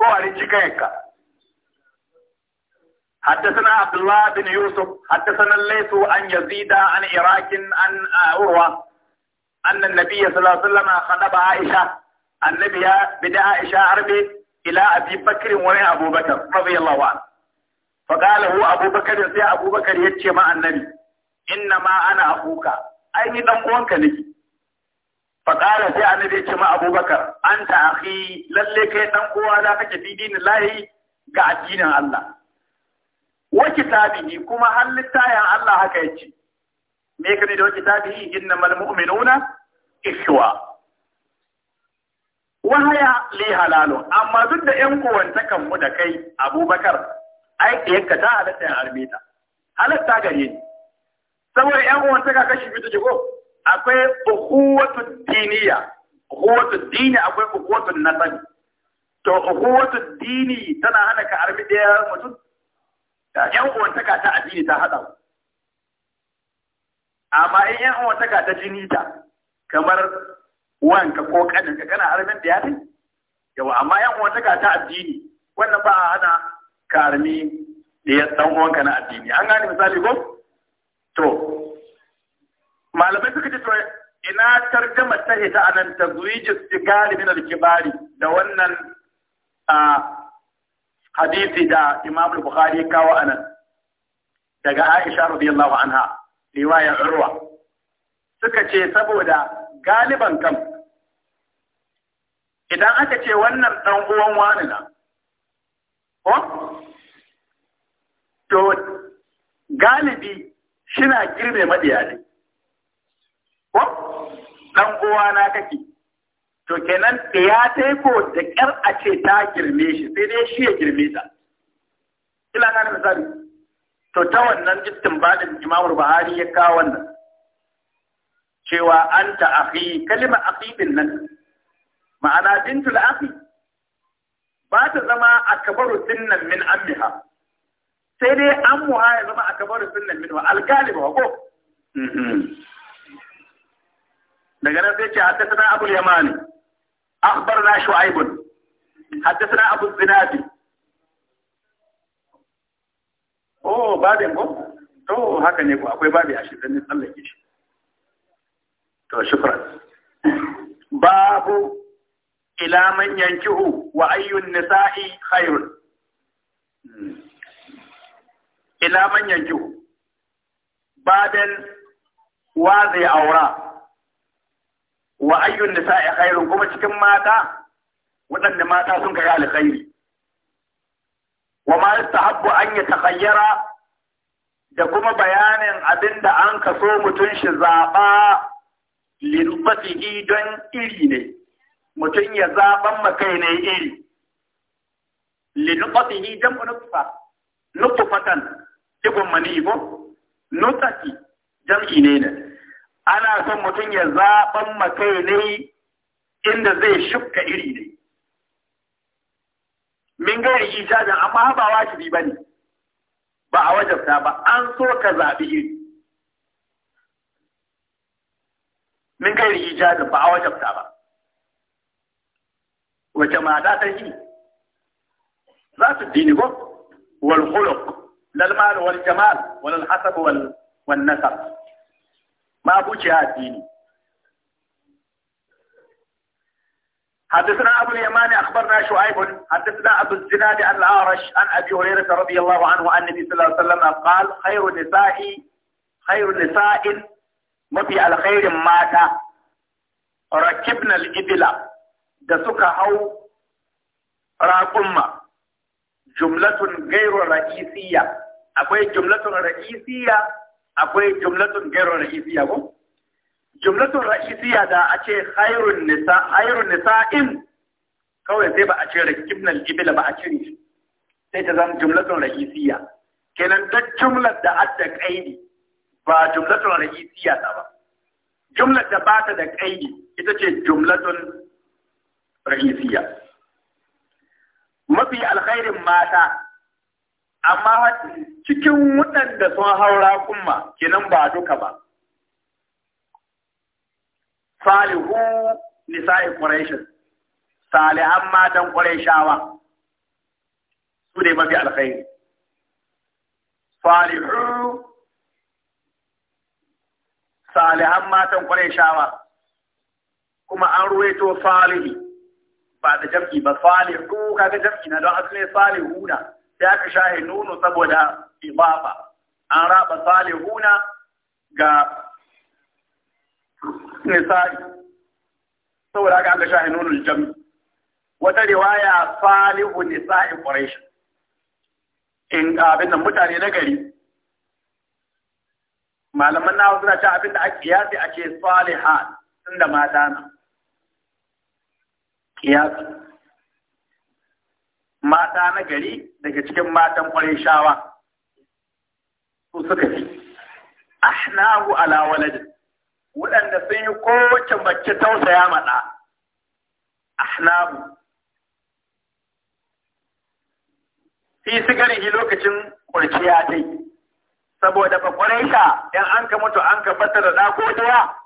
warin cikin yakka حدثنا عبد الله بن يوسف حدثنا الليث عن يزيد عن عراك عن عروة أن النبي صلى الله عليه وسلم خطب عائشة النبي بدأ عائشة عربي إلى أبي بكر ولا أبو بكر رضي الله عنه فقال هو أبو بكر يا أبو بكر يتشي مع النبي إنما أنا أخوك أي دم وانك نجي فقال يا النبي يتشي مع أبو بكر أنت أخي للي كي تنقوى لا تجي دين الله قاعد دين الله wa kitabihi kuma har littayan Allah haka yake me ka da wa kitabihi innamal mu'minuna ikhwa haya li halalun amma duk da ƴan kan mu da kai Abubakar ai yanka ta halatta ya harme ta halatta gare ni saboda ƴan ka kashi biyu take ko akwai ukhuwatu diniya ukhuwatu dini akwai ukhuwatu nasabi to ukhuwatu dini tana hana ka harbe da mutum yan uwantaka ta addini ta haɗa amma in yan uwantaka ta jini ta kamar wanka ko kanin ka kana harbin da yafi yawa amma yan uwantaka ta addini wannan ba a hana karmi da ya dan uwanka na addini an gani misali ko to malamai suka ce to ina targama ta ita anan tazwijus sigari min al-kibari da wannan a hadisi da Imam Bukhari kawo anan daga Aisha radiyallahu anha riwaya Urwa suka ce saboda galiban kan. idan aka ce wannan dan uwan wani na ko to galibi shi na madiya ne ko dan uwa kake to kenan da ya taiko da ƙyar a ce ta girme shi sai dai shi ya girme ta ila na misali to ta wannan istinbadin imamul buhari ya kawo wannan cewa anta akhi kalima akhi din nan ma'ana bintul akhi ba ta zama a kabaru sinnan min ammiha sai dai ammuha ya zama a kabaru sinnan min wa ko mhm. daga nan sai ce haddasa na abul yamani أخبرنا شعيب حدثنا أبو الزناد أوه بعدين بو تو هكا نيكو أكوي بعدي عشان نتسلك شيء to shukran babu ila yankihu wa nisa'i khairun ila yankihu badan wa zai aura wa ayyun nisa'i khairun kuma cikin mata waɗanda mata sun kai alkhairi wa ma yastahabbu an yatakhayyara da kuma bayanin abinda an kaso mutun shi zaba lirbatihi don iri ne mutun ya zaban makai ne iri lirbatihi jam'u nutfa nutfatan ibn mani ko nutati jam'i ne ne ana son mutum ya zaɓan makai ne inda zai shukka iri ne min gairi ijazin amma ba wajibi ba ne ba a wajabta ba an so ka zaɓi iri min gairi ijazin ba a wajabta ba wace ma ta yi za su dini ko wal khuluq lalmar mal wal jamal wal hasab wal nasab ما أبوش الدين حدثنا أبو اليمان أخبرنا شعيب حدثنا أبو الزناد عن الأعرج عن أبي هريرة رضي الله عنه عن النبي صلى الله عليه وسلم قال خير النساء خير النساء mafi alkhairin mata rakibnal ركبنا da suka او راقمه جمله غير رئيسيه akwai جمله رئيسيه akwai jumlatun gairu ra'isiya ko jumlatun ra'isiya da a ce hairun nisa nisa in kawai sai ba a ce rakibnal ibila ba a cire shi sai ta zama jumlatun ra'isiya kenan ta jumlat da adda kaidi ba jumlatun ra'isiya ta ba Jumlat da bata da kaidi ita ce jumlatun ra'isiya mafi alkhairin mata amma cikin waɗanda sun haura kuma kenan ba duka ba salihu nisa'i quraishin salihan matan quraishawa su ne mafi alkhairi salihu salihan matan quraishawa kuma an ruwaito salihi ba da jam'i ba salihu kaga jam'i na don asali na. sai aka shahe nuno saboda ibafa an raba salihuna ga nisa'i saboda aka aka shahe nuno jami wata riwaya salihu nisa'i quraish in abin da mutane na gari malaman nawa suna ce abin da a ake tsali ha salihan da mata na kiyasi mata na gari daga cikin matan shawa su suka fi ahnahu ala waladin waɗanda sun yi kowace mace tausaya maɗa ahnahu fi yi lokacin ƙurciya yi. saboda ba ƙwarisha yan an ka mutu an ka fata da ɗa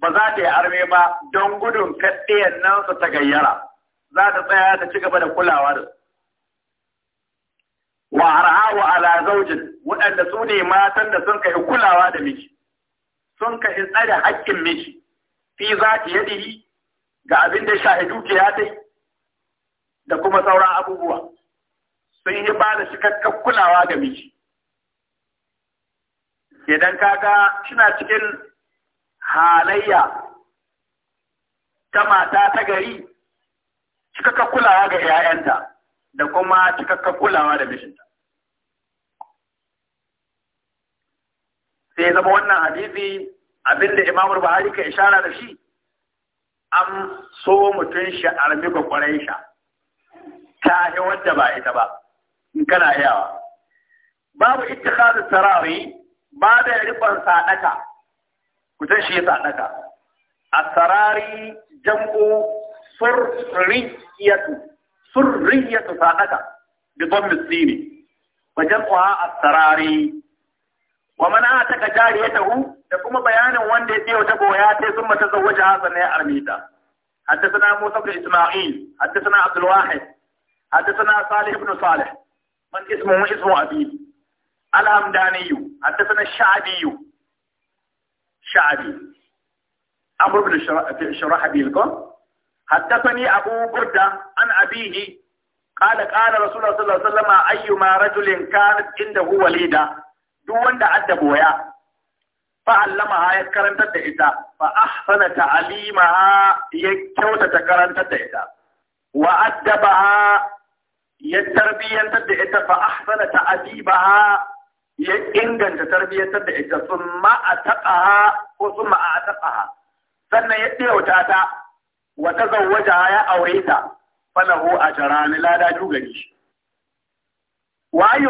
ba za ta yi arme ba don gudun kaɗe nan su ta gayyara za ta tsaya ta ci gaba da kulawa da wa arhahu ala zaujin waɗanda su ne matan da sun kai kulawa da miji sun kai tsare haƙƙin miji fi za zati yadihi ga abin da shahidu ke ya tai da kuma sauran abubuwa sun yi ba da cikakken kulawa ga miji idan kaga suna cikin halayya ta mata ta gari cikakka kulawa ga 'ya'yanta da kuma cikakka kulawa da mishinta. Sai ya zama wannan hadisi abinda Imamul Buhari ka ishara da shi, an so mutum shi a armi kwakwarai sha, ta yi wadda ba ita ba, in kana yawa. Babu ita ittikhadu sarari ba da rikon sadaka, mutum shi ya sadaka. A sarari jam'u فرعية سرية ساقطة بضم السين وجمعها السراري ومن آتك جاريته يقوم بيان وان دي وتبوياته ثم تزوجها سنة أرميتا حدثنا موسى بن إسماعيل حدثنا عبد الواحد حدثنا صالح بن صالح من اسمه اسمه أبي الهمداني حدثنا الشعبي شعبي عمرو بن شرحبيل قال حدثني أبو بردة عن أبيه قال قال رسول الله صلى الله عليه وسلم أيما رجل كانت عنده وليدة دون دا أدب ويا فعلمها يكرن تدئتا فأحسن تعليمها يكوت تكرن تدئتا وأدبها يتربيا تدئتا فأحسن تأديبها ينجن تربية تدئتا ثم أتقها ثم أعتقها sannan ya ɗewata ta wa zawaja ya aure ta falahu ajran lada ju gari shi wa ayu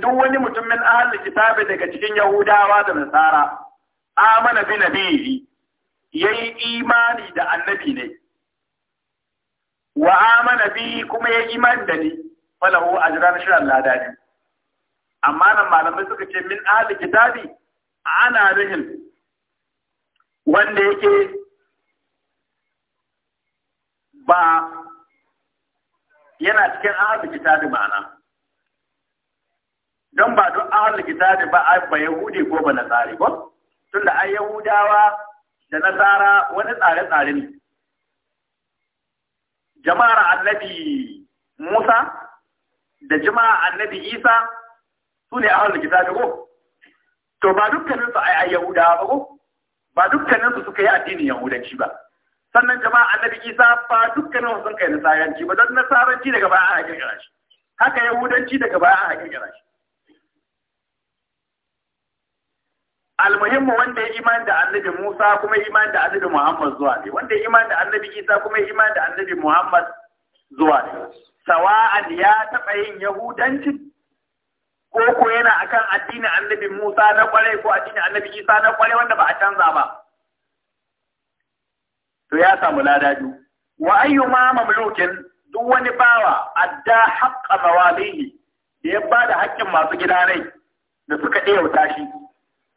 duk wani mutum min ahli kitabi daga cikin yahudawa da nasara amana bi nabihi yayi imani da annabi ne wa amana bi kuma yayi imani da ni falahu ajran shiran lada ju amma nan malamai suka ce min ahli kitabi ana rihil wanda yake ba yana cikin ahalul kitabi ma'ana don ba don ahalul kitabi ba a ba yahudi ko ba nasari ba tunda ai yahudawa da nasara wani tsare-tsare ne jama'ar annabi musa da jama'ar annabi isa su ne ahalul kitabi ko to ba dukkaninsu ai ai yahudawa ba ko ba dukkaninsu suka yi addinin yahudanci ba sannan jama'a annabi isa ba dukkanin sun kai sayanci ba don nasaranci daga baya a kirkira shi haka yahudanci daga baya a kirkira shi almuhimmu wanda ya iman da annabi musa kuma ya iman da annabi muhammad zuwa ne wanda ya iman da annabi isa kuma ya iman da annabi muhammad zuwa ne sawa'an ya taɓa yin yahudanci ko ko yana akan addinin annabi musa na kwarai ko addinin annabi isa na kwarai wanda ba a canza ba to ya samu lada biyu wa ayyuma mamlukin duk wani bawa adda haqqa mawalihi da ya bada haƙƙin masu gida rai da suka ɗeyauta shi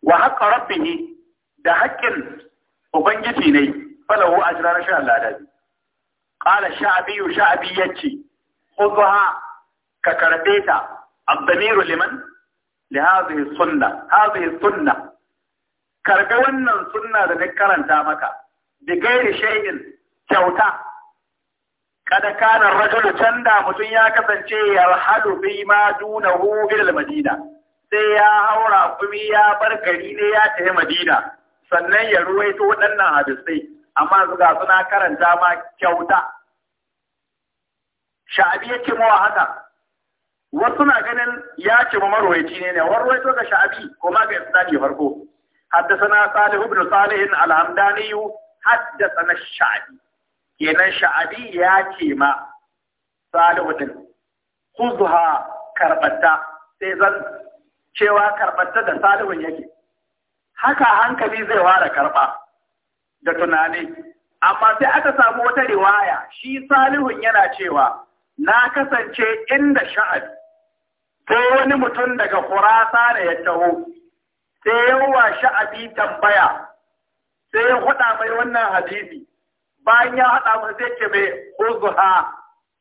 wa haqqa rabbihi da haƙƙin ubangiji ne falahu ajran sha Allah da qala sha'bi sha'bi yace khudha ka karbe ta abdamiru liman li sunna hadhihi sunna karbe wannan sunna da na karanta maka da gairi shayin kyauta kada kana rajulu can da mutum ya kasance yarhalu bi ma dunahu ila madina sai ya haura kuma ya bar gari ne ya tafi madina sannan ya ruwaito waɗannan hadisai amma zuga suna karanta ma kyauta sha'abi ya ce mawa haka wasu na ganin ya ce ma marwayaci ne ne warwaito ga sha'abi ko ma ga isnadi farko Haddasa حدثنا صالح بن صالح الحمداني haddasa na sha'abi kenan sha'abi ya ce ma salihu din zuha sai zan cewa karbatta da salihun yake haka hankali zai ware karɓa da tunani amma sai aka samu wata riwaya shi salihun yana cewa na kasance inda sha'abi ko wani mutum daga kurasa da ya taho sai yawa sha'abi tambaya sai ya hada mai wannan hadisi bayan ya haɗa mai sai ke mai uzuha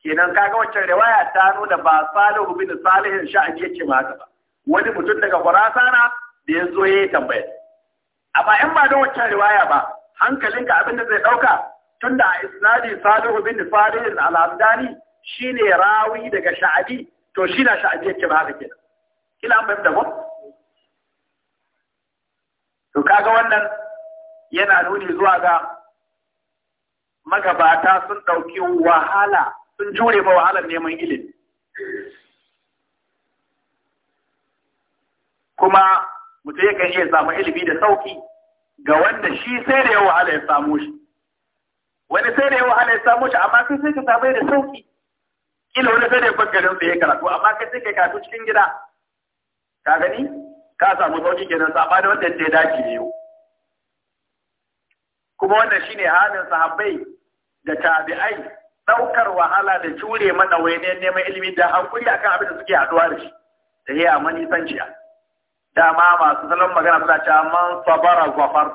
kenan kaga wancan riwaya ta nuna ba salihu bin sha sha'ani yake ma haka ba wani mutum daga Khurasana da ya zo yayi tambaya amma in ba da wancan riwaya ba hankalinka abin da zai dauka tunda a isnadi salihu bin salih al-Hamdani shine rawi daga sha'abi to shi na sha'abi yake ma haka kenan kila an da ba to kaga wannan yana nuni zuwa ga magabata sun ɗauki wahala sun jure ma wahalar neman ilimi kuma mutum yakan iya samu ilimi da sauki ga wanda shi sai da yawa wahala ya samu shi wani sai da yawa wahala ya samu shi amma sun sai ka samu da sauki kila wani sai da ya bangaren sai ya karatu amma kai sai ka karatu cikin gida ka gani ka samu sauki kenan saba da wanda ya dace ne yau kuma wannan shine halin sahabbai da tabi'ai daukar wahala da jure madawainiyar neman ilimi da hankuri akan abin da suke haduwa da shi da ya mani sanciya dama masu salon magana suna cewa man sabara gwafar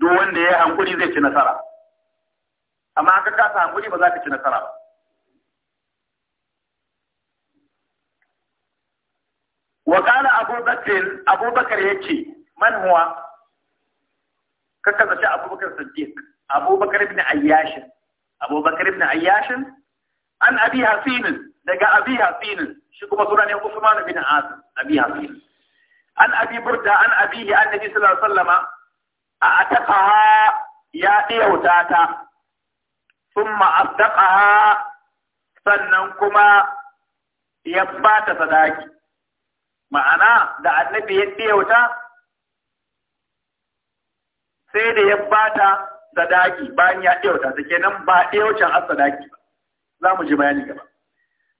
duk wanda ya hankuri zai ci nasara amma ka kasa hankuri ba za ka ci nasara ba wa kana abubakar abubakar yace man huwa kakka zace abubakar siddiq abubakar ibn ayyash abubakar ibn Ayyashin. an abi hasin daga abi hasin shi kuma sura ne usman bin asim abi hasin an abi burda an abihi annabi sallallahu alaihi wasallama a ataqaha ya diyauta ta thumma asdaqaha sannan kuma ya bata sadaki ma'ana da annabi ya diyauta sai da ya bata sadaki bayan ya ɗewata ta kenan ba ɗewacin har sadaki ba za mu ji bayani gaba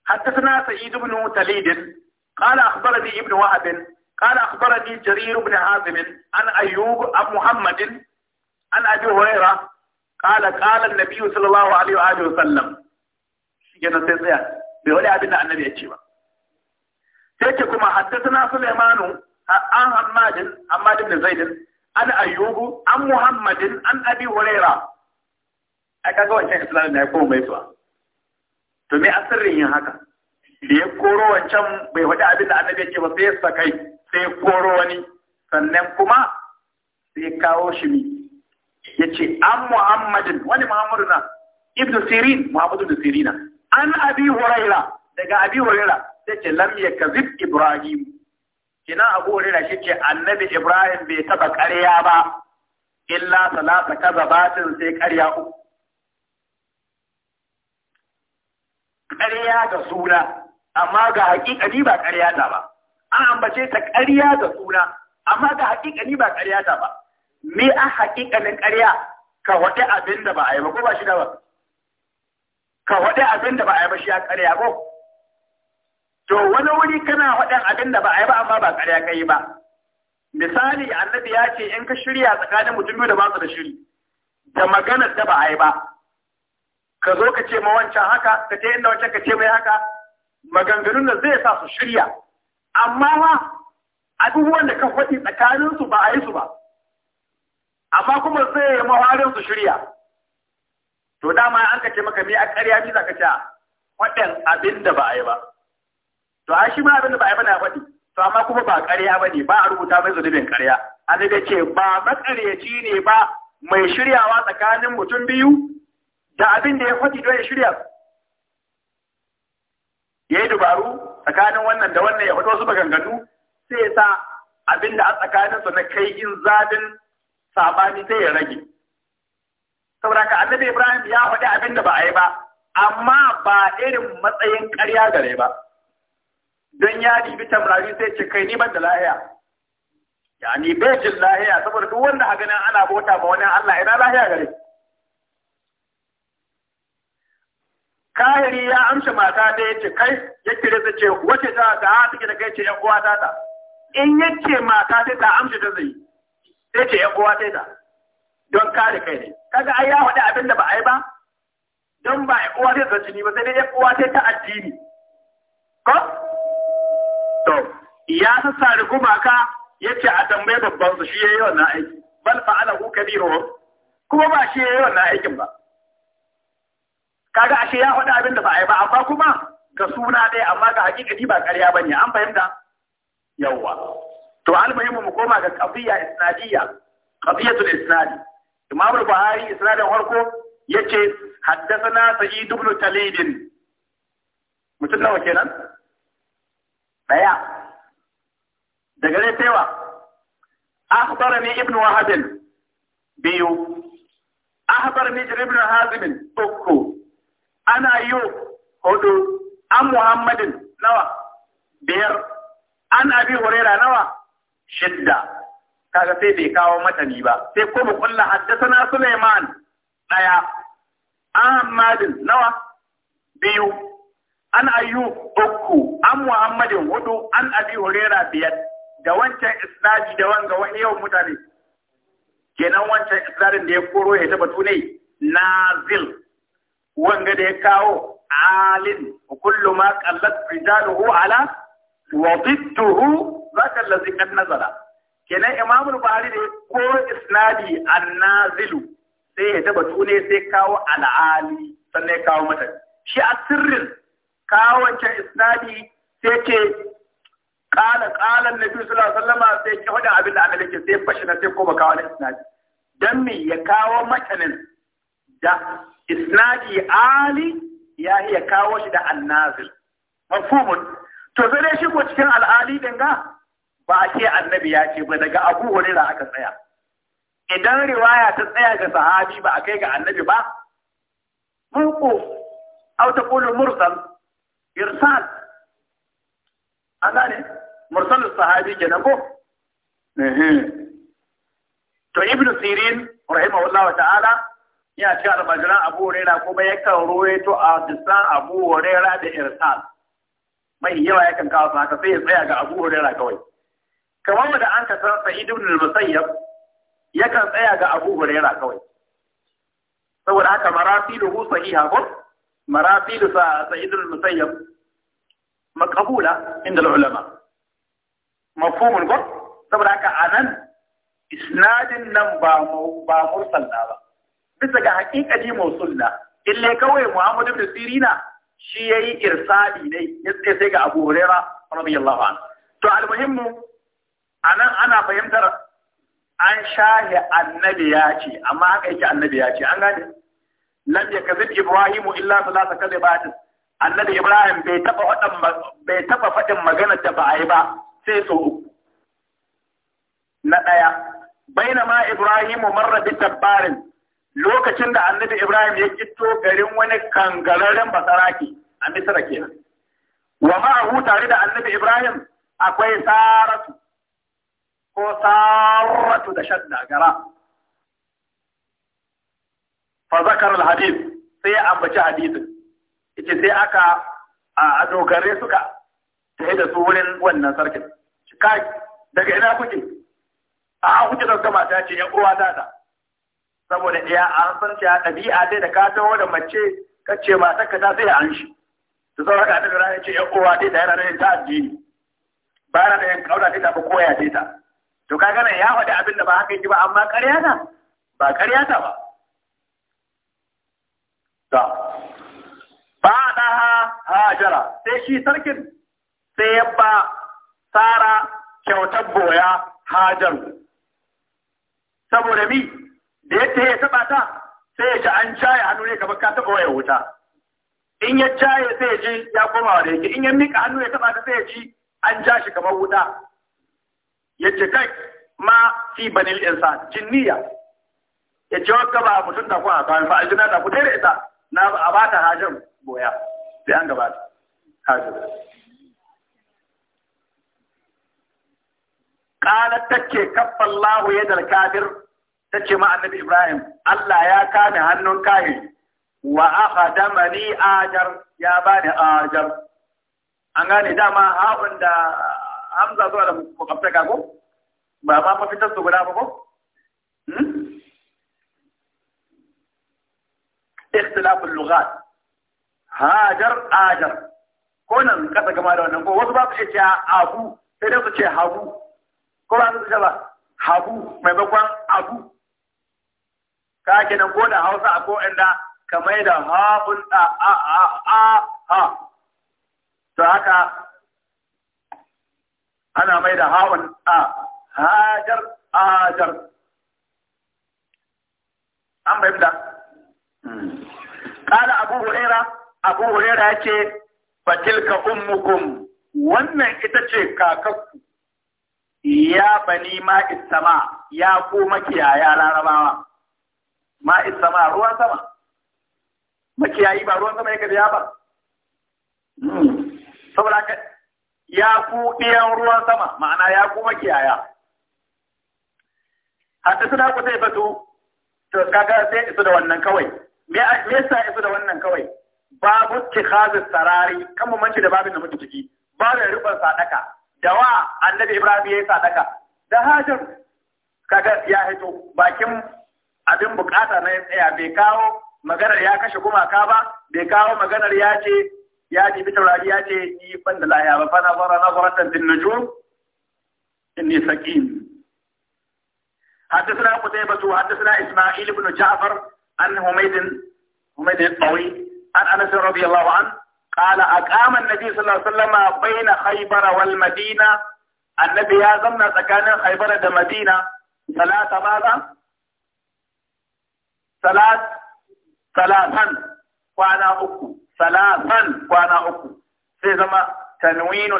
حدثنا سعيد بن تليد قال أخبرني ابن وهب قال أخبرني جرير بن حازم عن أيوب عن محمد عن أبي هريرة قال قال النبي صلى الله عليه وسلم sai bai abin da annabi ya ce ba sai kuma haddasa na an ayyubu an muhammadin an abi huraira a kaga wancan islam na ya koma mai suwa to me asirin yin haka da ya koro wancan bai faɗi abin da annabi yake ba sai ya sakai sai ya koro wani sannan kuma sai kawo shi mi ya ce an muhammadin wani muhammadu na ibnu sirin muhammadu da sirina an abi huraira daga abi huraira sai ce lam kazib ibrahim kina abu hurairah shi ce annabi ibrahim bai taba ƙarya ba illa salata batin sai ƙarya uku ƙarya da suna amma ga haƙiƙani ba ƙarya ta ba an ambace ta ƙarya da suna amma ga haƙiƙani ba ƙarya ta ba me a haƙiƙanin ƙarya ka wata abin da ba a yi ba ko ba shi da ba ka wata abin da ba a yi ba shi ya ƙarya ko to wani wuri kana faɗin abin da ba a yi ba amma ba ƙarya kai ba misali annabi ya ce in ka shirya tsakanin mutum biyu da ba su da shiri da maganar da ba a yi ba ka zo ka ce ma wancan haka ka ce inda wancan ka ce mai haka maganganun da zai sa su shirya amma ma abubuwan da ka faɗi tsakanin su ba a yi su ba amma kuma zai yi mawarin su shirya to dama an ka ce maka me a ƙarya bisa za ka ce faɗin abin da ba a yi ba to a shi ma abin da ba a mana faɗi to amma kuma ba ƙarya ba ne ba a rubuta mai zunubin ƙarya an da ce ba matsaryaci ne ba mai shiryawa tsakanin mutum biyu da abin da ya faɗi don ya shirya ya yi dubaru tsakanin wannan da wannan ya faɗi wasu maganganu sai ya sa abin da a tsakaninsa na kai in zaɗin sabani sai ya rage saboda ka annabi Ibrahim ya faɗi abin da ba a yi ba amma ba irin matsayin ƙarya gare ba don ya dibi tamrari sai ce kai ni ban da lahiya yani bai jin lahiya saboda duk wanda a ganin ana bota ma wani Allah ina lahiya gare kahiri ya amsa mata da yace kai ya kire ta ce wace ta ta take da kai ce yan uwa ta in yace mata ta ta amsa ta zai sai ce yan uwa ta da don kare kai ne kaga ai ya wada abin da ba ai ba don ba uwa ta ta ba sai dai uwa ta ta addini ko to ya sassare gumaka yace a tambaye babban su shi yayi wannan aiki bal fa'alahu kabiruhum kuma ba shi yayi wannan aikin ba kaga ashe ya faɗi abin da ba a yi ba amma kuma ga suna ɗaya amma ga hakikati ba ƙarya bane an fahimta yawwa to almuhimmu mu koma ga qadiyya isnadiyya qadiyatul isnadi imam al-buhari isnadin farko yace haddathana sa'id ibn talib mutum nawa kenan Ɗaya, daga dai cewa ni ibnu wahab biyu ni ibnu hazim uku ana yu hudu an muhammadin nawa biyar an abi huraira nawa shidda kaga sai bai kawo matani ba sai ko mu kulla haddathana Sulaiman daya Ahmadin nawa biyu an ayu uku an muhammadin hudu an abi hurera biyar da wancan isnadi da wanga wani yau mutane kenan wancan isnadin da ya koro ya taba tune nazil wanga da ya kawo alin kullu ma qallat rijaluhu ala wadittuhu zaka allazi kad nazala kenan imamu buhari da ya koro isnadi an nazilu sai ya taba tune sai kawo al'ali sannan ya kawo mata shi a sirrin kawo wancan isnadi sai ce kala kala nabi sallallahu alaihi wasallam sai ki hada abin da annabi ke sai fashi na sai kuma kawo isnadi dan me ya kawo matanin da isnadi ali ya iya kawo shi da annazil mafhumun to sai dai shi ko cikin al'ali din ga ba a ce annabi ya ce ba daga abu hurairah aka tsaya idan riwaya ta tsaya ga sahabi ba a kai ga annabi ba mulku au taqulu mursal irsal an gane mursalin sahabi kenan ko to ibnu sirin rahimahullahu ta'ala ya ce almajiran abu huraira kuma yakan ruwaito a disan abu huraira da irsal mai yawa yakan kawo su haka sai ya tsaya ga abu huraira kawai kamar da an ka san sa'id ibn al-musayyab yakan tsaya ga abu huraira kawai saboda haka marasiluhu sahiha ko مراسيل سعيد المسيب مقبولة عند العلماء مفهوم الغرب saboda haka a nan isnadin nan ba mursal na ba bisa ga hakikati mausul na ille kawai Muhammadu da Sirina shi yayi irsali ne ya sai ga Abu Huraira radiyallahu anhu to almuhimmu anan ana fahimtar an shahi annabi ya ce amma haka yake annabi ya ce an gane ya yakzib ibrahimu illa salasa kadibatin annabi ibrahim bai taba faɗin bai taba faɗin magana da ba ba sai so uku na ɗaya ma ibrahimu marra bi tabbarin lokacin da annabi ibrahim ya kitto garin wani kangararren basaraki a misra kenan wa ma'ahu tare da annabi ibrahim akwai saratu ko saratu da shadda gara fa zakar al hadith sai ya ambaci hadisin yace sai aka a dogare suka ta da su wurin wannan sarkin kai daga ina kuke a kuke da sama ta ce ya uwa dada saboda iya an san cewa ɗabi'a dai da ka taho da mace kace ta ka ta sai an shi to sauran da daga ranar ce ya uwa dai da yana ta addini ba na da ‘yan dai da ba koya dai ta to ka nan ya faɗi abin da ba haka yake ba amma ƙarya ta ba ƙarya ta ba Ba بعدها hajara sai shi sarkin sai ya ba tsara kyautar boya hajar saboda mi da ya ya taba ta sai ya ji an caye hannu ne kamar ka taba wayar wuta in ya caye sai ya ji ya koma da yake in ya mika hannu ya taba ta sai ya ji an ja shi kamar wuta ya ce kai ma fi banil insan jinniya ya ce wakka ba mutum da kuwa kawai fa aljina da ku da ita na a ba ta hajar goya sai an gabata hajar qalat take kaffa Allahu dalkafir ta ce ma annabi Ibrahim Allah ya kame hannun kai wa ni ajar ya bani ajar an gane dama haɓun da Hamza zuwa da makwabtaka ko ba ma mafitar su guda ba ko hmm? اختلاف اللغات hajar ajar كذا كما gama wannan ko wasu ba su ce abu sai su ce habu ko ba su ce ba habu abu ka ko da hausa ko inda ka mai da a a a ha to haka ana mai da hawan a hajar ajar an Kala Abu hurera, Abu hurera ya ce, Fatilka ummukum wannan ita ce kakakku, ya bani ma'is sama, ya ku makiyaya larabawa. Ma'is sama ruwan sama, makiyayi ba ruwan sama yake gajiya ya ba. Saboda ka, ya ku ɗiyan ruwan sama, ma'ana ya ku makiyaya. Hatta suna ku zai fito, to kaga sai isu da wannan kawai. me yasa yasu da wannan kawai babu tikhazu sarari kan mu manci da babin da mutu ciki babin rufar sadaka da wa annabi ibrahim yayi sadaka da hajar kaga ya hito bakin abin bukata na tsaya bai kawo maganar ya kashe gumaka ba bai kawo maganar ya ce ya ji taurari ya ce yi ban da lahiya ba fa na zara na bin najum inni sakin saqim حدثنا قتيبة حدثنا isma'il ibn ja'far عن حميد حميد الطويل عن أنس رضي الله عنه قال أقام النبي صلى الله عليه وسلم بين خيبر والمدينة النبي اعظمنا سكان خيبر المدينة ثلاثه ماذا؟ ثلاث ثلاثا وأنا أكو ثلاثا وأنا أكو في زمان تنوين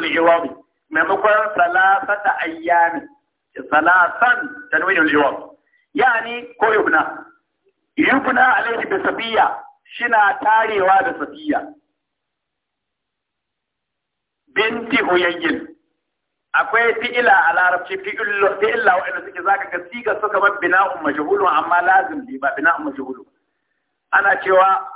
من ممكن ثلاثة أيام ثلاثا تنوين العوض يعني كو هنا yukuna alaihi da safiya shina tarewa da safiya binti huyayyin akwai fi'ila a larabci fi'illa fi'illa wa'anda suke zaka ga siga suka bar bina'un majhulun amma lazim ne ba bina'un majhulun ana cewa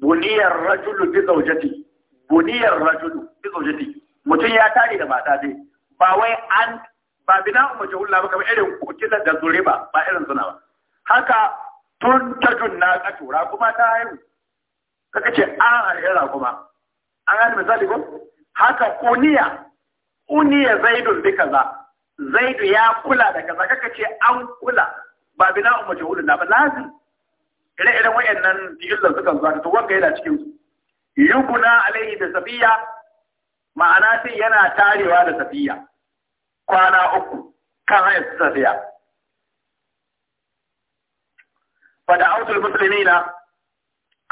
buniyar rajulu bi zawjati buniyar rajulu bi zawjati mutum ya tare da mata dai ba wai an ba bina'un majhulun ba kamar irin kotila da zuriba ba irin suna ba haka tun ta jun na tura kuma ta haihu kaka ce an harira kuma. an hannu misali ko haka kuniya. uniya zaidun bi kaza zaidu ya kula da kaza kaka ce an kula ba bina umma jahulu na ba lazi ire-iren wayannan jillan suka zuwa to wanga yana cikin su kuna alaihi da safiya ma'ana sai yana tarewa da safiya kwana uku kan hanyar safiya fa da autul muslimina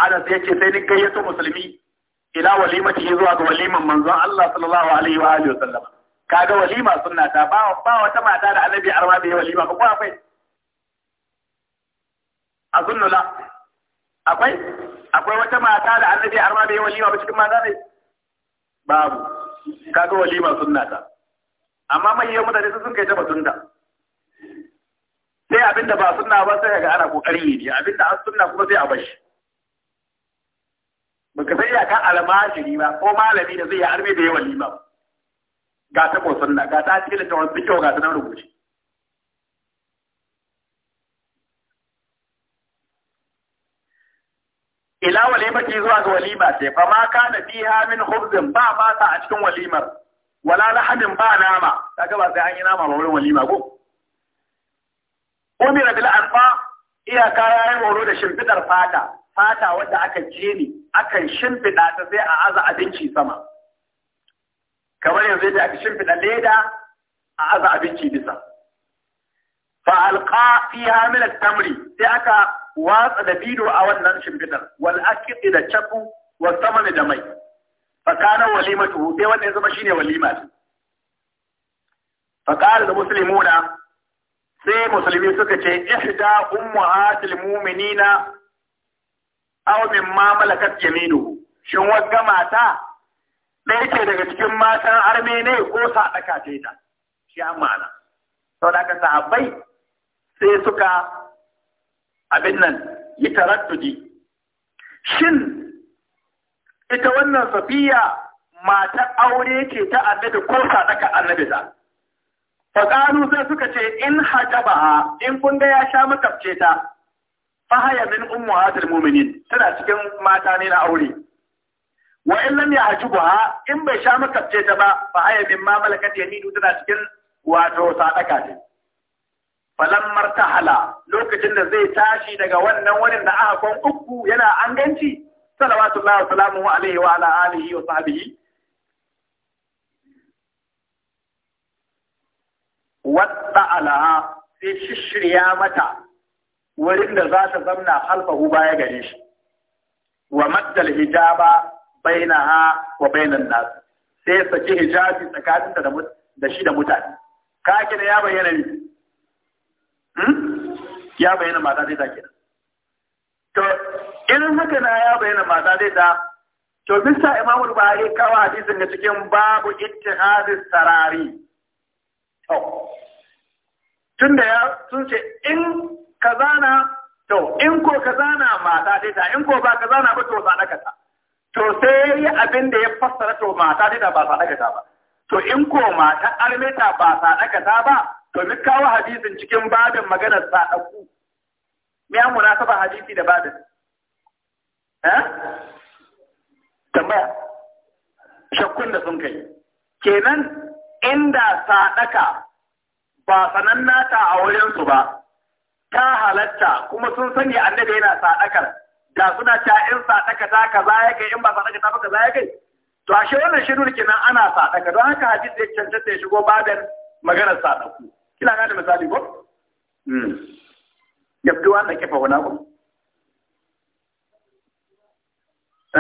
Anas ce sai ni gayyato musulmi ila walimati zuwa ga waliman manzon Allah sallallahu alaihi wa alihi wasallam kaga walima sunna ta ba ba wata mata da annabi arma bai walima ba ko akwai a sunnula akwai akwai wata mata da annabi arma bai walima ba cikin mata ne babu kaga walima sunna ta amma mai yawan mutane sun kai ta batunta sai abin da ba sunna ba sai ga ana kokari ne abin da an sunna kuma sai a bashi baka sai ya ka almajiri ba ko malami da zai yi arme da yawan lima ga ta ko sunna ga ta cikin da wani kyau ga ta nan rubuce ila walimati zuwa ga walima ce fa ma kana fiha min khubzin ba ma ta a cikin walimar wala lahamin ba nama kaga ba sai an yi nama ba wurin walima ko umira bil arfa iyaka yayin horo da shimfidar fata fata wanda aka jeni akan shimfida ta sai a aza abinci sama kamar yanzu da aka shimfida leda a aza abinci bisa fa alqa fiha min tamri sai aka watsa da bido a wannan shimfidar wal akidi da chafu wa da mai fa kana walimatu sai wannan zama shine walima fa qala al-muslimuna sai musulmi suka ce ihda ummahatil mu'minina aw ma malakat yaminuhu shin wagga mata da ce daga cikin matan arme ne ko sadaka ce ta shi ma'ana sau da sahabbai sai suka abin nan yi taraddudi shin ita wannan safiya matar aure ce ta annabi ko sadaka annabi ta faƙalu sai suka ce in hajaba in kun ga ya sha makabce ta fahaya min mu'minin tana cikin mata ne na aure wa in lam yahjubuha in bai sha makabceta ta ba fahaya min ma malakat yaminu tana cikin wato sadaka ce falan martahala lokacin da zai tashi daga wannan wani da aka kon uku yana anganci sallallahu alaihi wa alihi wa sahbihi wadda alaha sai shishirya mata wurin da za ta zamna halfahu baya gare shi wa maddal hijaba bainaha wa bainan nas sai saki hijabi tsakanin da da shi da mutane ka kira ya bayyana ne hmm? ya bayyana mata dai da kira to irin haka na ya bayyana mata zai da to bisa imamul bahari kawo hadisin ga cikin babu ittihadis sarari tun da ya sun ce in ka zana to in ko ka zana mata dai ta in ko ba ka zana ba to sadaka ta to sai yi abin da ya fassara to mata dai ta ba sadaka ta ba to in ko mata almeta ba sadaka ta ba to mu kawo hadisin cikin babin maganar sadaku me ya munasaba hadisi da babin eh tambaya shakkun da sun kai kenan inda sadaka ba sanannata a wurinsu ba ta halatta kuma sun sani annabi yana sadakar da suna ta in sadaka ta kaza ya kai in ba sadaka ta ba kaza ya kai to ashe wannan shirin kenan ana sadaka don haka hadisi ya cancanta ya shigo babin maganar sadaku kina ga da misali ko mm yabdu wannan kifa wani ko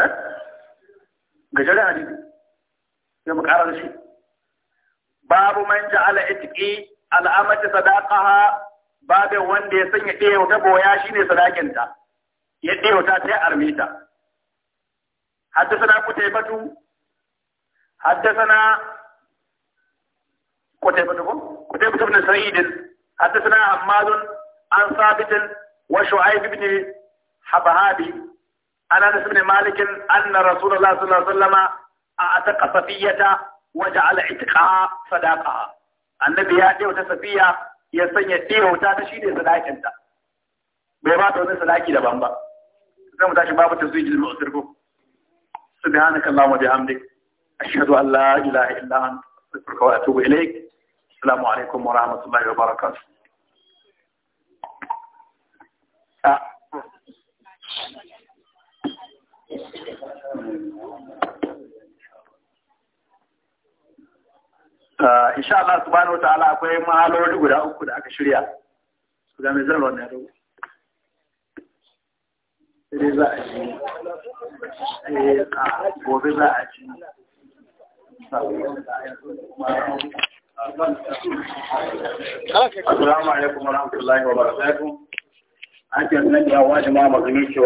eh gajare hadisi ya mu da shi babu man ja'ala itqi al'amati sadaqaha babin wanda ya sanya ɗaya ta boya shine sadakinta ya ɗaya ta armita حدثنا قتيبة حدثنا قتيبة قتيبة بن سعيد حدثنا حماد عن ثابت وشعيب بن حبهابي انا انس مالك ان رسول الله صلى الله عليه وسلم اعتق صفية وجعل اتقاء صداقها النبي يأتي وتسفيها يسن يتيه وتاتشيني صداقة انت بيبات وزن صداقة لبنبا سنة متاش باب تزويج المؤسركو سبحانك اللهم وبحمدك أشهد أن لا إله إلا أنت أستغفرك وأتوب إليك السلام عليكم ورحمة الله وبركاته Thank آه. you. Uh, insha Allah subhanahu wataala akwai mahalori guda uku da aka shirya su ga mai na sai za a ji eh, a gobe za a ji sa'o'in da ya zo Ake kuma ya ya zo da kuma